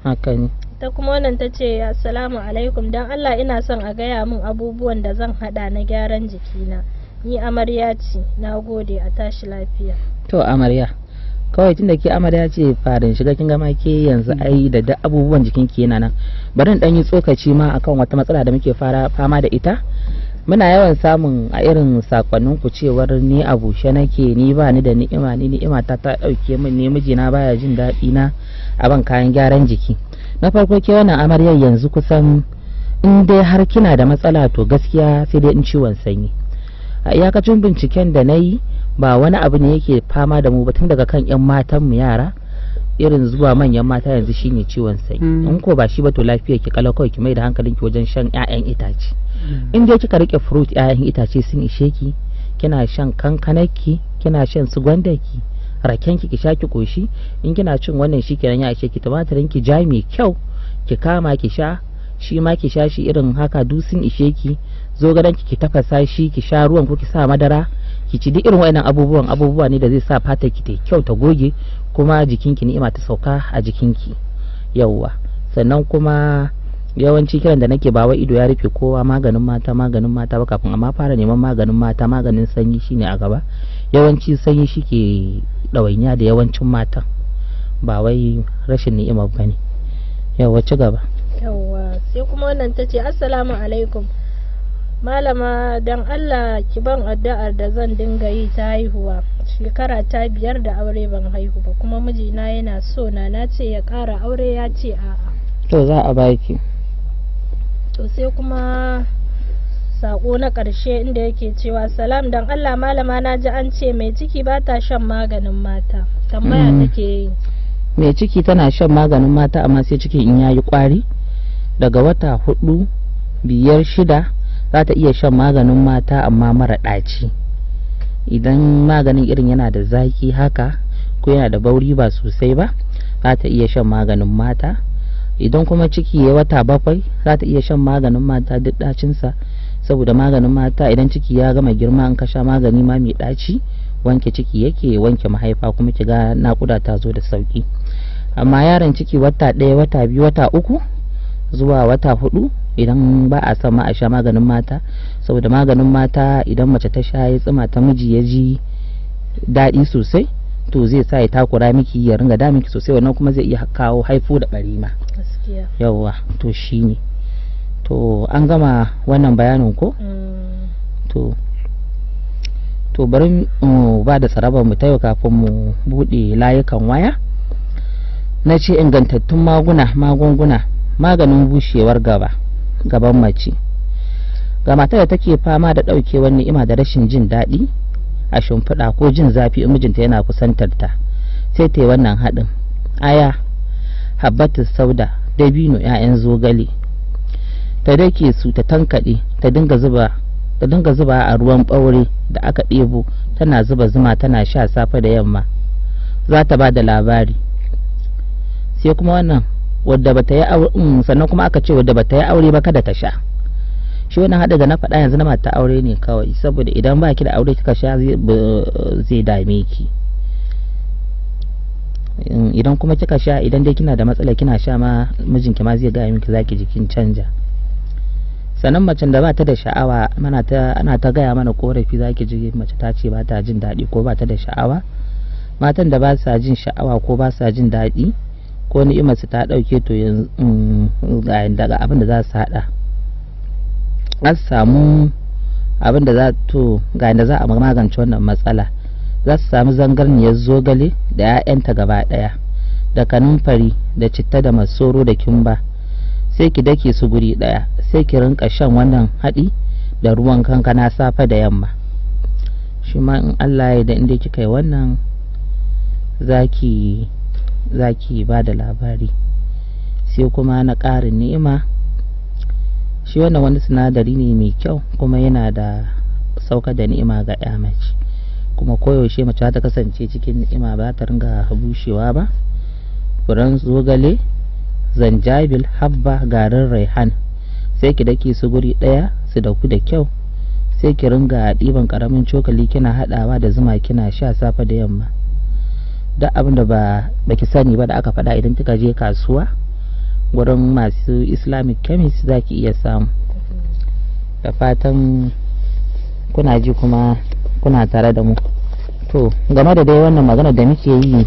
haka ne ta kuma wannan ta ce assalamu alaikum don allah ina son a gaya min abubuwan da zan hada na gyaran jikina ni amarya ce na gode a tashi lafiya to amarya kawai tunda ke amarya ce farin shiga kin gama ke yanzu ai da duk abubuwan jikin ki yana nan bari dan yi tsokaci ma akan wata matsala da muke fara fama da ita muna yawan samun a irin sakonnin ku cewar ni a bushe nake ni ba ni da ni'ima ni ni'ima ta ta dauke min ne mijina baya jin daɗi na a ban kayan gyaran jiki na farko ke wannan amaryar yanzu kusan in dai har kina da matsala to gaskiya sai dai in ciwon sanyi a iyakacin binciken da na yi ba wani abu ne yake fama da mu ba tun daga kan 'yan matan mu yara irin zuwa manyan mata yanzu shine ciwon sanyi hmm. in ko ba shi ba to lafiyar ki kala kawai ki mai da hankalin ki wajen shan 'ya'yan itace hmm. in dai kika rike fruit 'ya'yan itace sun ishe ki kina shan kankanarki kina shan su gwandaki raken ki ki sha ki koshi in kina cin wannan shi shikenan ya ishe ki tumatirin ki ja mai kyau ki kama ki sha shi ma ki sha shi irin haka dusin ishe ki zo gadon ki tafasa shi ki sha ruwan ko ki sa madara ki ci duk irin wayannan abubuwan abubuwa ne da zai sa fatar ki ta kyau ta goge kuma jikinki ni'ima ta sauka a jikinki yawwa sannan kuma yawanci kiran da nake bawa ido ya rufe kowa maganin mata maganin mata ba kafin amma fara neman maganin mata maganin sanyi shine a gaba yawanci sanyi shi ke. ɗawainiya da yawancin matan ba wai rashin ni'imar ba ne yawa ci gaba yawa sai kuma wannan ta ce assalamu alaikum malama don allah ki ban addu'ar da zan dinga yi ta haihuwa shekara ta biyar da aure ban haihu ba kuma mijina yana so na na ce ya ƙara aure ya ce a'a to za a baki to sai kuma sako na ƙarshe inda yake cewa salam don allah malama na ji an ce mai ciki ba ta shan maganin mata tambaya mm. take yi mai ciki tana shan maganin mata amma sai cikin in yayi kwari daga wata hudu biyar shida za ta iya shan maganin mata amma mara ɗaci idan maganin irin yana da zaki haka ko yana da bauri ba sosai ba za ta iya shan maganin mata idan kuma ciki ya wata bakwai za ta iya shan maganin mata duk ɗacinsa saboda maganin mata idan ciki ya gama girma in ka sha magani ma mai ɗaci wanke ciki yake wanke mahaifa kuma ki ga naƙuda ta zo da sauki amma yaron ciki wata ɗaya wata biyu wata uku zuwa wata hudu idan ba a son ma a sha maganin mata saboda maganin mata idan mace ta sha ya tsima ta miji ya ji daɗi sosai to zai sa ya takura miki ya ringa da miki sosai wannan kuma zai iya kawo haifo da ɓarima yawwa to ne. to an gama wannan bayanin ko mm. to to bari ba da tsarabar mu tayo kafin mu bude layukan waya na ce ingantattun maguna magunguna maganin bushewar gaba gaban mace ga mata da take fama da ɗaukewar ni'ima da rashin jin daɗi a shimfiɗa ko jin zafi in mijinta yana kusantar ta sai ta yi wannan haɗin aya habbatus sauda dabino 'ya'yan zogale ta rike su ta tankaɗe ta dinga zuba ta dinga zuba a ruwan ɓaure da aka ɗebo tana zuba zuma tana sha safe da yamma za ta ba da labari sai kuma wannan wadda bata yi aure mm, sannan kuma aka ce wadda bata yi aure ba kada ta sha shi wannan hada da na faɗa yanzu na mata aure ne kawai saboda idan ba ki da aure kika sha zai dame ki mm, idan kuma kika sha idan dai kina da matsala kina sha ma mijinki ma zai gaya miki zaki jikin canja sannan macen da ba ta da sha'awa ana ta gaya mana korafi zaki ji mace ta ce ba ta jin daɗi ko ba ta da sha'awa matan da ba sa jin sha'awa ko ba sa jin daɗi ko ni'imarsu ta ɗauke to yanzu daga mm, abin da za su haɗa an samu abin da za to ga inda za a magance wannan matsala za su samu zangarniyar zogale da 'ya'yanta gaba ɗaya da kanumfari da citta da masoro da kimba sai ki dake su guri ɗaya sai ki rinka shan wannan haɗi da ruwan kankana safe da yamma shi ma in allah ya da inda kika yi wannan zaki zaki ba da labari sai kuma na ƙarin ni'ima shi wannan wani sinadari ne mai kyau kuma yana da sauka da ni'ima ga ya mace kuma koyaushe mace ta kasance cikin ni'ima ba ta ringa bushewa ba furen zogale zanjabil habba garin raihan sai ki dake su guri ɗaya su dauku da kyau sai ki ringa ɗiban karamin cokali kina haɗawa da zuma kina sha safe da yamma duk abin da ba baki sani ba da aka faɗa idan kika je kasuwa gurin masu islamic chemist za ki iya samu da fatan kuna ji kuma kuna tare da mu to game da dai wannan magana da muke yi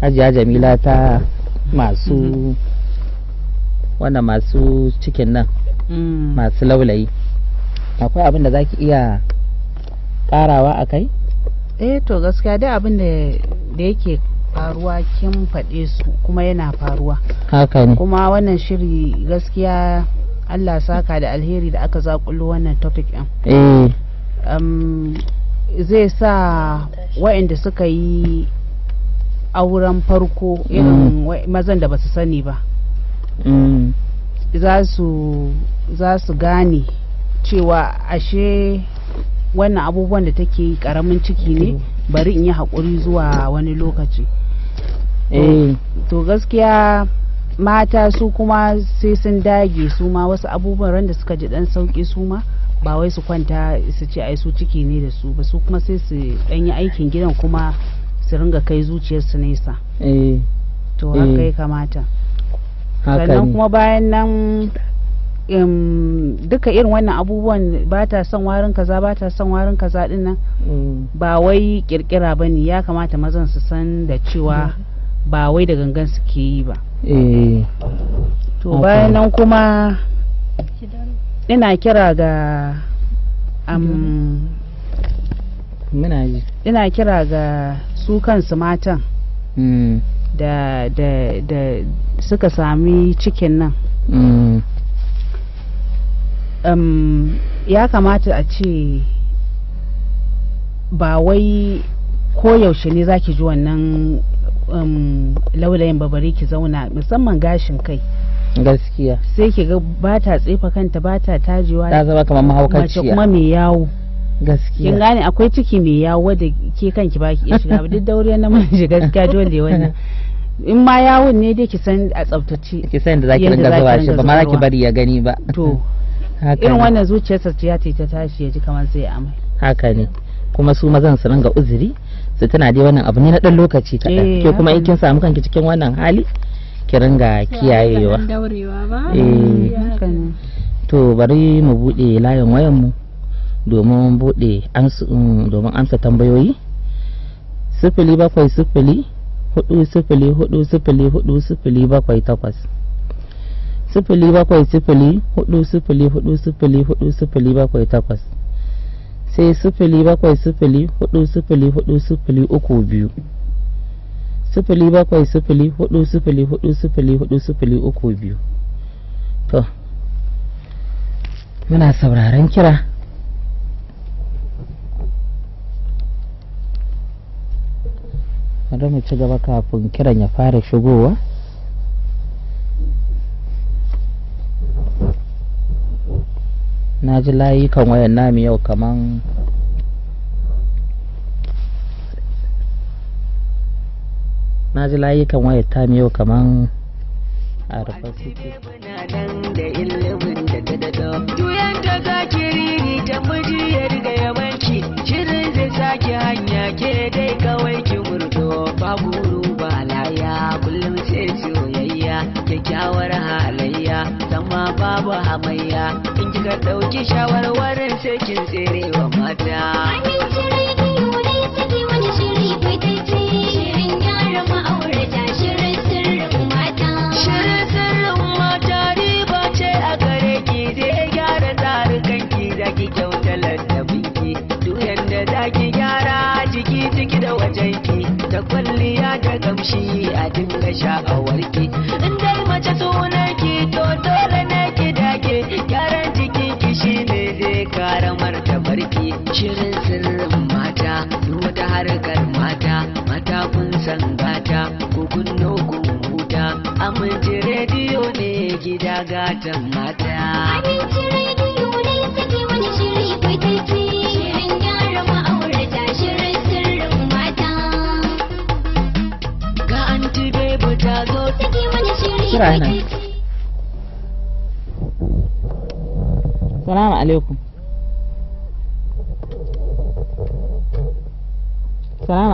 hajiya jamila ta masu mm-hmm. wanda masu cikin nan mm. masu laulayi akwai abin da za ki iya karawa a kai? eh to gaskiya dai abin da yake faruwa kin faɗe su kuma yana faruwa haka kuma wannan shiri gaskiya allah saka da alheri da aka zakulo wannan topic ɗin eh. zai sa waɗanda suka yi auren farko irin mm. mazan da ba su sani ba Mm. za su gane cewa ashe wannan abubuwan da take yi karamin ciki ne bari in yi haƙuri zuwa wani lokaci eh. to gaskiya mata su kuma sai sun dage su ma wasu abubuwan randa da suka ji dan sauki su ma ba wai su kwanta su ce ai su ciki ne da su ba su kuma sai su dan yi aikin gidan kuma su ringa kai zuciyarsu nesa eh. to haka eh. ya kamata sannan kuma bayan nan duka irin wannan abubuwan ba ta son warin kaza ba ta son warin kaza din nan mm. ba wai kirkira ba ne ya kamata mazan su san da cewa mm. ba wai da gangan suke yi ba eh. to bayan nan kuma ina kira ga ina kira ga su kansu matan mm. da da da suka sami cikin nan mm. um, ya kamata a ce ba wai koyaushe ne za ki ji wannan um, laulayin babari ki zauna musamman gashin kai gaskiya sai ki ga ba ta tsefa kanta ba ta tajewa ta kuma mai yawo gaskiya kin gane akwai ciki mai yawo da ke kanki ba ki iya shiga ba duk daure na miji gaskiya dole wannan in ma yawon ne dai ki san a tsaftace ki san da zaki ringa zuwa shi ba ma zaki bari ya gani ba to irin wannan zuciyarsa ta ta tashi ya ji kamar zai amai haka ne kuma su mazan su ringa uzuri su tana dai wannan abu ne na dan lokaci kaɗan eh, ke kuma in kin samu kanki cikin wannan hali ki ringa kiyayewa eh. to bari mu buɗe layin wayan mu domin buɗe domin amsa tambayoyi sifili bakwai sifili hudu sifili hudu sifili hudu sifili bakwai takwas sifili bakwai sifili hudu sifili hudu sifili hudu sifili bakwai takwas sai sifili bakwai sifili hudu sifili hudu sifili uku biyu sifili bakwai sifili hudu sifili hudu sifili hudu sifili uku biyu to muna sauraron kira bari mu ci gaba kafin kiran ya fara shigowa na ji layukan wayan nami yau kaman na ji layukan wayar ta yau kaman a da da guru balaya kullum ce soyayya kyakkyawar halayya zama babu hamayya in kika ɗauki shawarwarin sai kin tsere wa mata.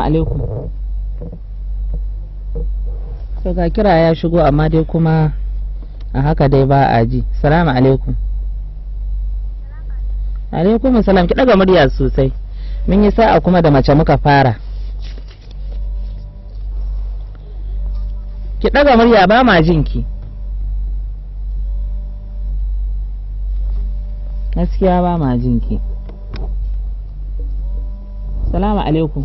alaikum so ga kira ya shigo amma dai kuma a haka dai ba a ji salamu alaikum alaikum salam ki daga murya sosai mun yi sa'a kuma da mace muka fara ki daga murya ba ma jinki gaskiya ba ma jinki salamu alaikum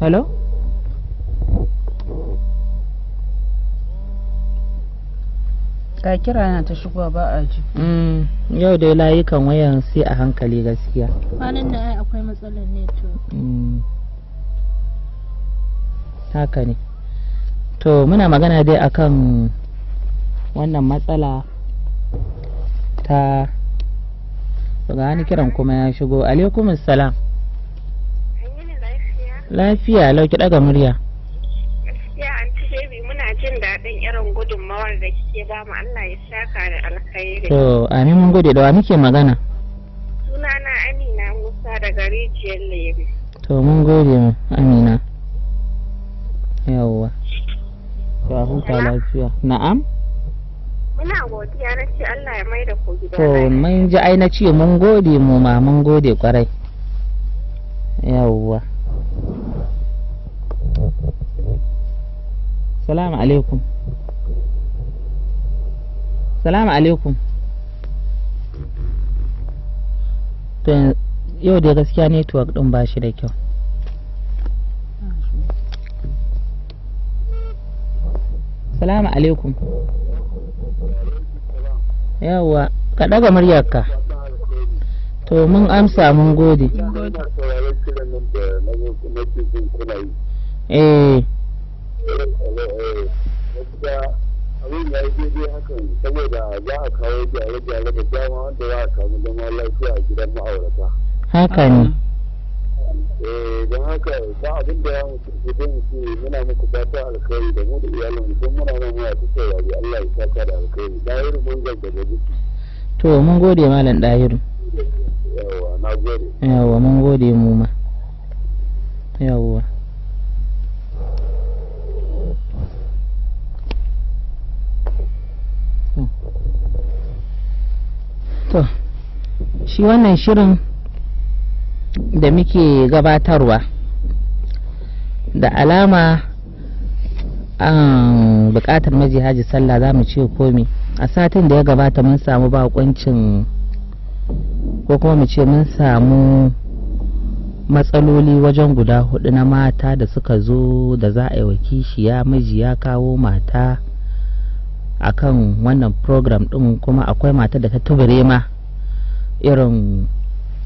hello ga kira na ta shigo ba a ji mm, yau dai layukan wayan sai a hankali gaskiya kwanan da ai akwai matsalar network mm. haka ne to muna magana dai akan wannan matsala ta ga wani kiran kuma ya shigo alaikum salam lafiya lauki daga murya ya ci baby muna jin daɗin irin gudunmawar da kike ba mu Allah ya saka da alkhairi to amin mun gode da wa muke magana sunana Amina Musa daga rijiyar Lebe to mun gode mu Amina yawwa ya huta lafiya na'am muna godiya na ce Allah ya mai da ku gida to mun ji ai na ce mun gode mu ma mun gode kwarai yawwa salamu alaikum salamu alaikum to yau da gaskiya network din ba shi da kyau salamu alaikum yawa ka ɗaga muryarka to mun amsa mun gode eh abin ya yi daidai hakan saboda za a kawo gyare-gyare da dama wanda za a zama lafiya a gidan ma'aurata. Haka ne. don haka ba abin da ya mutu mutu muna muku fata alkhairi da mu da iyalin mu muna nan muna ta saurari Allah ya saka da alkhairi dahiru mun zanga da To mun gode malam ɗahiru. Yawwa na gode. Yawwa mun gode mu ma. Yawwa. to shi wannan shirin da muke gabatarwa da alama an um, bukatar maji sallah za mu ce komi a satin da ya gabata mun samu bakuncin ko kuma mu ce mun samu matsaloli wajen guda hudu na mata da suka zo da za a yi wa kishiya miji ya kawo mata akan wannan program din kuma akwai matar da ta tubure ma irin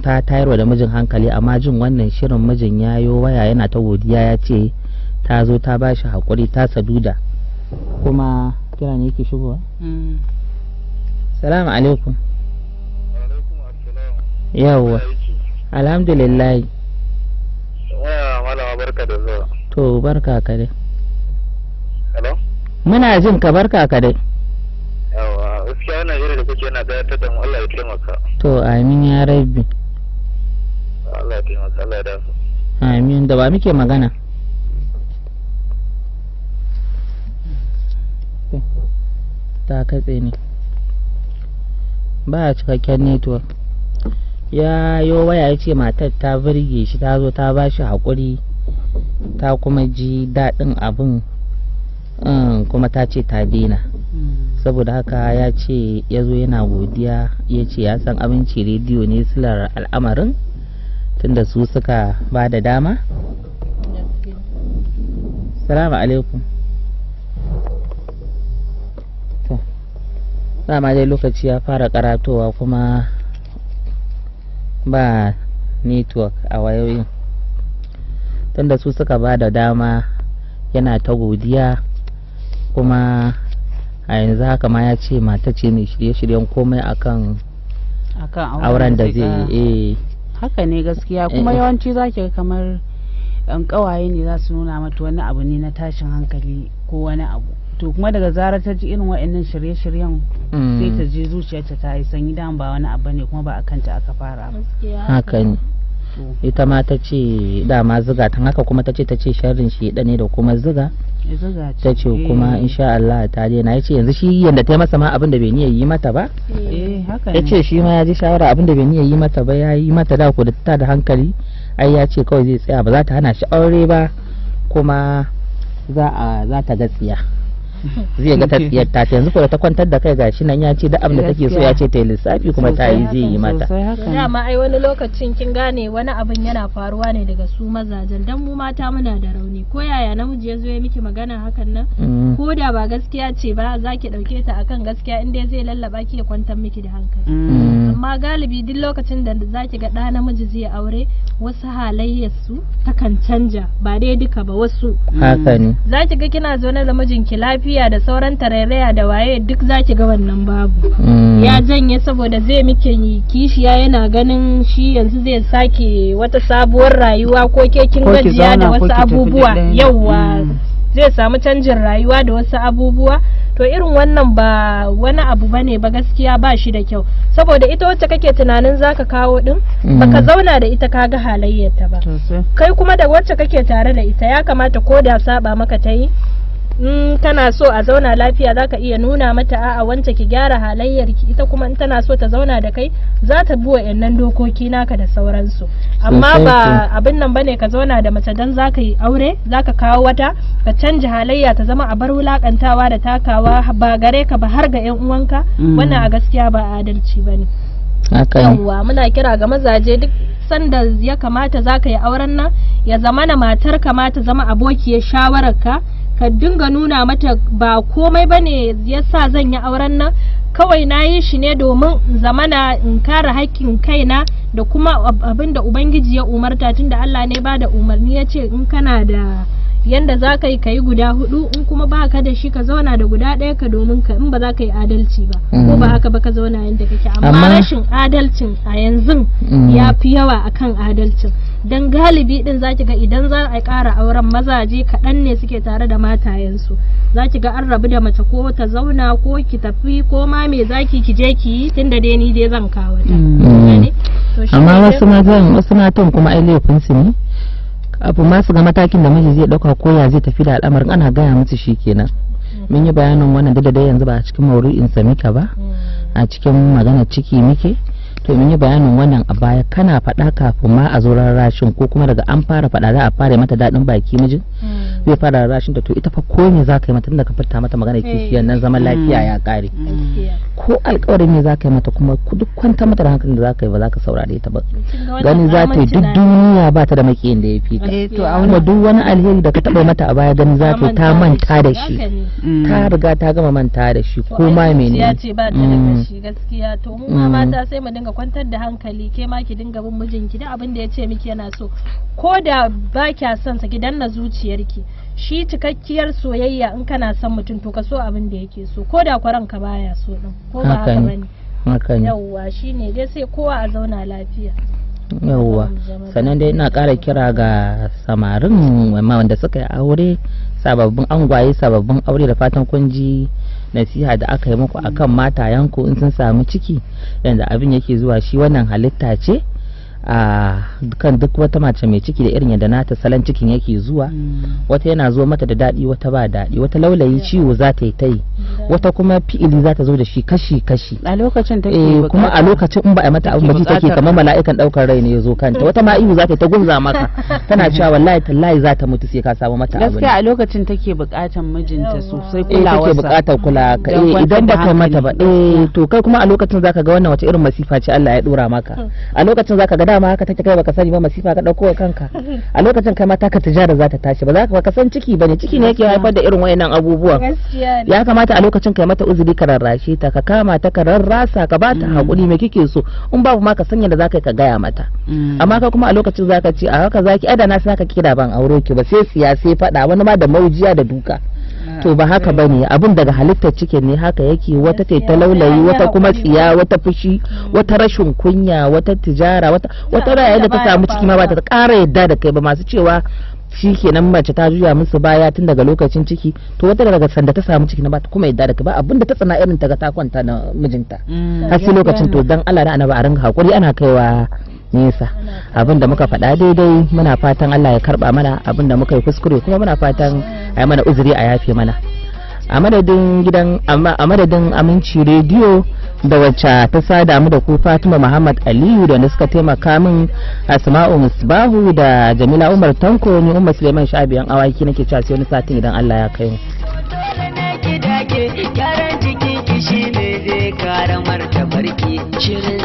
ta tayarwa da mijin hankali amma jin wannan shirin mijin ya yo waya yana ta godiya ya ce ta zo ta ba shi haƙuri ta saduda kuma kira ne yake shigowa mm. salamu alaikum yawwa alhamdulillah to barka ka dai muna jin ka barka ka dai yawa gaskiya wannan irin da kuke yana daya ta dan Allah ya taimaka to amin ya rabbi Allah ya taimaka Allah ya dafa amin da ba muke magana ta katse ne ba a cikakken network ya yo waya ya ce matar ta birge shi ta zo ta ba shi haƙuri ta kuma ji daɗin abin Mm, kuma ta ce ta daina mm. saboda haka ya ce ya zo yana godiya ya ce ya san abinci rediyo ne silar al'amarin tunda su suka ba da dama salamu alaikum dama dai lokaci ya fara karatowa kuma ba network a wayoyin tunda su suka ba da dama yana ta godiya kuma a yanzu haka ma ya ce mata ce mai shirye-shiryen komai akan auren da zai yi eh. haka ne gaskiya eh, kuma eh. yawanci zaki kamar yan um, kawaye ne za su nuna mata wani abu ne na tashin hankali ko wani abu to kuma daga zarar ta ji irin wa'annan shirye-shiryen mm. sai ta je zuciyarta ta yi sanyi dan ba wani abu ne kuma ba a kanta aka fara ba haka ne ita ma ta ce dama ziga tun haka kuma ta ce ta ce sharrin shi ne da kuma ziga ta ce kuma insha Allah ta daina ya ce yanzu shi yadda ta yi masa ma abin bai niyya yi mata ba eh, ya ce shi ma ya ji shawara abin da bai niyya yi mata ba ya yi mata da ku da ta da hankali ai ya ce kawai zai tsaya ba za ta hana shi aure ba kuma za ta ga tsiya zai ga ta ta yanzu ko ta kwantar da kai gashi nan ya ce da abin da take so ya ce ta lissafi kuma ta yi zai yi mata dama ai wani lokacin kin gane wani abin yana faruwa ne daga su mazajen dan mu mata muna da rauni ko yaya namiji ya zo ya miki magana hakan nan mm. ko da ba gaskiya ce ba zaki ki dauke ta akan gaskiya in zai lallaba ki ya kwantar miki da hankali mm. Mm. amma galibi duk lokacin da za ki ga ɗa namiji zai aure wasu halayyarsu kan canja ba dai duka ba wasu haka ne hmm. zaki ga kina zaune da mijinki lafiya da sauran tarairaya da waye duk za ki ga wannan babu hmm. ya janye saboda zai muke kishiya yana ganin shi yanzu zai sake wata sabuwar rayuwa ko ke kin gajiya da wasu abubuwa yauwa hmm. zai samu canjin rayuwa da wasu abubuwa to irin wannan ba wani abu bane ba gaskiya ba shi da kyau saboda ita wacce kake tunanin zaka kawo din ka mm. zauna da ita kaga halayyarta ba kai kuma da wacce kake tare da ita ya kamata ko da saba maka ta yi in kana so a zauna lafiya zaka iya nuna mata a'a wance ki gyara halayyarki ita kuma in tana so ta zauna da kai za ta bi wa'annan dokoki naka da sauransu amma ba abin nan bane ka zauna da mace dan zaka yi aure zaka kawo wata ka canja halayya ta zama a bar wulakantawa da takawa ba gare ka ba har ga yan uwanka mm. wannan a gaskiya ba adalci bane yawwa muna kira ga mazaje duk sanda ya kamata zaka yi auren nan ya zamana matar kamata zama abokiyar shawararka ka dinga nuna mata ba komai bane yasa zan yi auren nan kawai na yi shi ne domin zamana in kare haƙƙin kaina da kuma abin da ubangiji ya umarta tun da Allah ne ba da umarni ya ce in kana da yanda za ka yi ka yi guda hudu in kuma ba ka da shi ka zauna da guda ɗaya ka domin ka in ba za ka yi adalci ba ko ba mm. haka ba ka zauna yanda kake amma rashin adalcin a yanzu mm. ya fi yawa akan adalcin dan galibi din zaki ga idan za a ƙara auren mazaje kaɗan ne suke tare da matayensu zaki ga an rabu da mace ko ta zauna ko ki tafi ko ma me zaki ki je ki yi tunda dai ni dai zan kawo ta mm. amma wasu mazan wasu matan kuma ai laifin su ne abu ma su ga matakin da miji zai dauka ko ya zai tafi da al'amarin ana gaya musu shikenan mun yi bayanin wannan da da yanzu ba a cikin mauru'in samika ba mm. a cikin magana ciki muke to mun yi bayanin wannan a baya kana faɗa kafin ma a zo rashin ko kuma daga an fara faɗa za a fara mata daɗin baki miji hmm. zai fara rarrashin da to ita fa ko me za ka yi mata tunda ka fita mata magana eh. kishiyar nan zaman lafiya hmm. ya ƙare hmm. ko alƙawarin me za ka yi mata kuma duk kwanta mata da hankalin da za ka yi ba za ka saurare ta ba gani za ta yi duk duniya ba ta da makiyin da ya fi ka eh, kuma duk wani alheri da ka taɓa mata a baya gani za ta yi ta manta da shi mm. ta riga ta gama manta da shi ko ma menene ya ce ba ta da mm. gaskiya to mu ma mm. mata sai mu dinga kwantar da hankali ke ma ki dinga bin mijinki duk abin da ya ce miki yana so ko da ba kya son sa ki danna zuciyarki shi cikakkiyar soyayya in kana son mutum to ka so abin da yake so ko da kwaran baya so din ko ba haka bane yawwa shine dai sai kowa a zauna lafiya yawwa sannan dai ina ƙara kira ga samarin wanda suka yi aure sababbin angwaye sababbin aure da fatan kunji. nasiha da aka yi muku akan matayanku in sun samu ciki yanda abin yake zuwa shi wannan halitta ce a kan duk wata mace mai ciki da irin yadda nata salon cikin yake zuwa mm. wata yana zuwa mata da daɗi wata ba daɗi wata laulayi ciwo za ta yi ta yi wata kuma fi'ili za ta zo da shi kashi kashi a lokacin take eh kuma a lokacin in ba a mata abin ba ji take kamar mala'ikan daukar rai ne ya zo kanta wata ma ihu za ta yi ta gunza maka tana cewa wallahi tallahi za ta mutu sai ka samu mata abin gaskiya a lokacin take buƙatar mijinta sosai kulawa eh, take buƙatar kula ka eh idan ba kai mata ba eh to kai kuma a lokacin zaka ga wannan wace irin masifa ce Allah ya dora maka hmm. a lokacin zaka ga dama haka take kai baka sani ba masifa ka dauko kanka a lokacin kai ma taka tijara za ta tashi ba za ka baka san ciki bane ciki ne yake haifar da irin wayannan abubuwa ya kamata a lokacin kai mata uzuri ka rarrashe ta ka kama ta ka rarrasa ka ba bata mm. hakuri me kike so in babu ma ka sanya da za ka gaya mata mm. amma ka kuma a lokacin za ka ce a haka zaki adana sai ka kira ban aure ki ba sai siya sai fada wani ma da maujiya da duka to ba haka bane abun daga halittar cikin ne haka yake wata ta ta laulayi wata kuma tsiya wata fushi wata rashin kunya wata tijara wata wata raya da ta samu ciki ma ba ta ƙara yadda da kai ba masu cewa shi kenan mace ta juya musu baya tun daga lokacin ciki to wata daga sanda ta samu ciki na ba ta kuma yadda da kai ba da ta tsana irin ta ga ta kwanta na mijinta mm. har sai lokacin to dan Allah na ba a ringa hakuri ana kaiwa nesa abin da muka faɗa daidai muna fatan Allah ya karba mana abin da muka yi kuskure kuma muna fatan a mana uzuri a yafe mana a madadin gidan a madadin aminci rediyo da wacce ta sada mu da ku Fatima Muhammad Aliyu da suka taimaka min Asma'u Musbahu da Jamila Umar Tanko ni Umar Suleiman Shabiyan awaki nake cewa sai wani satin idan Allah ya kai mu shirin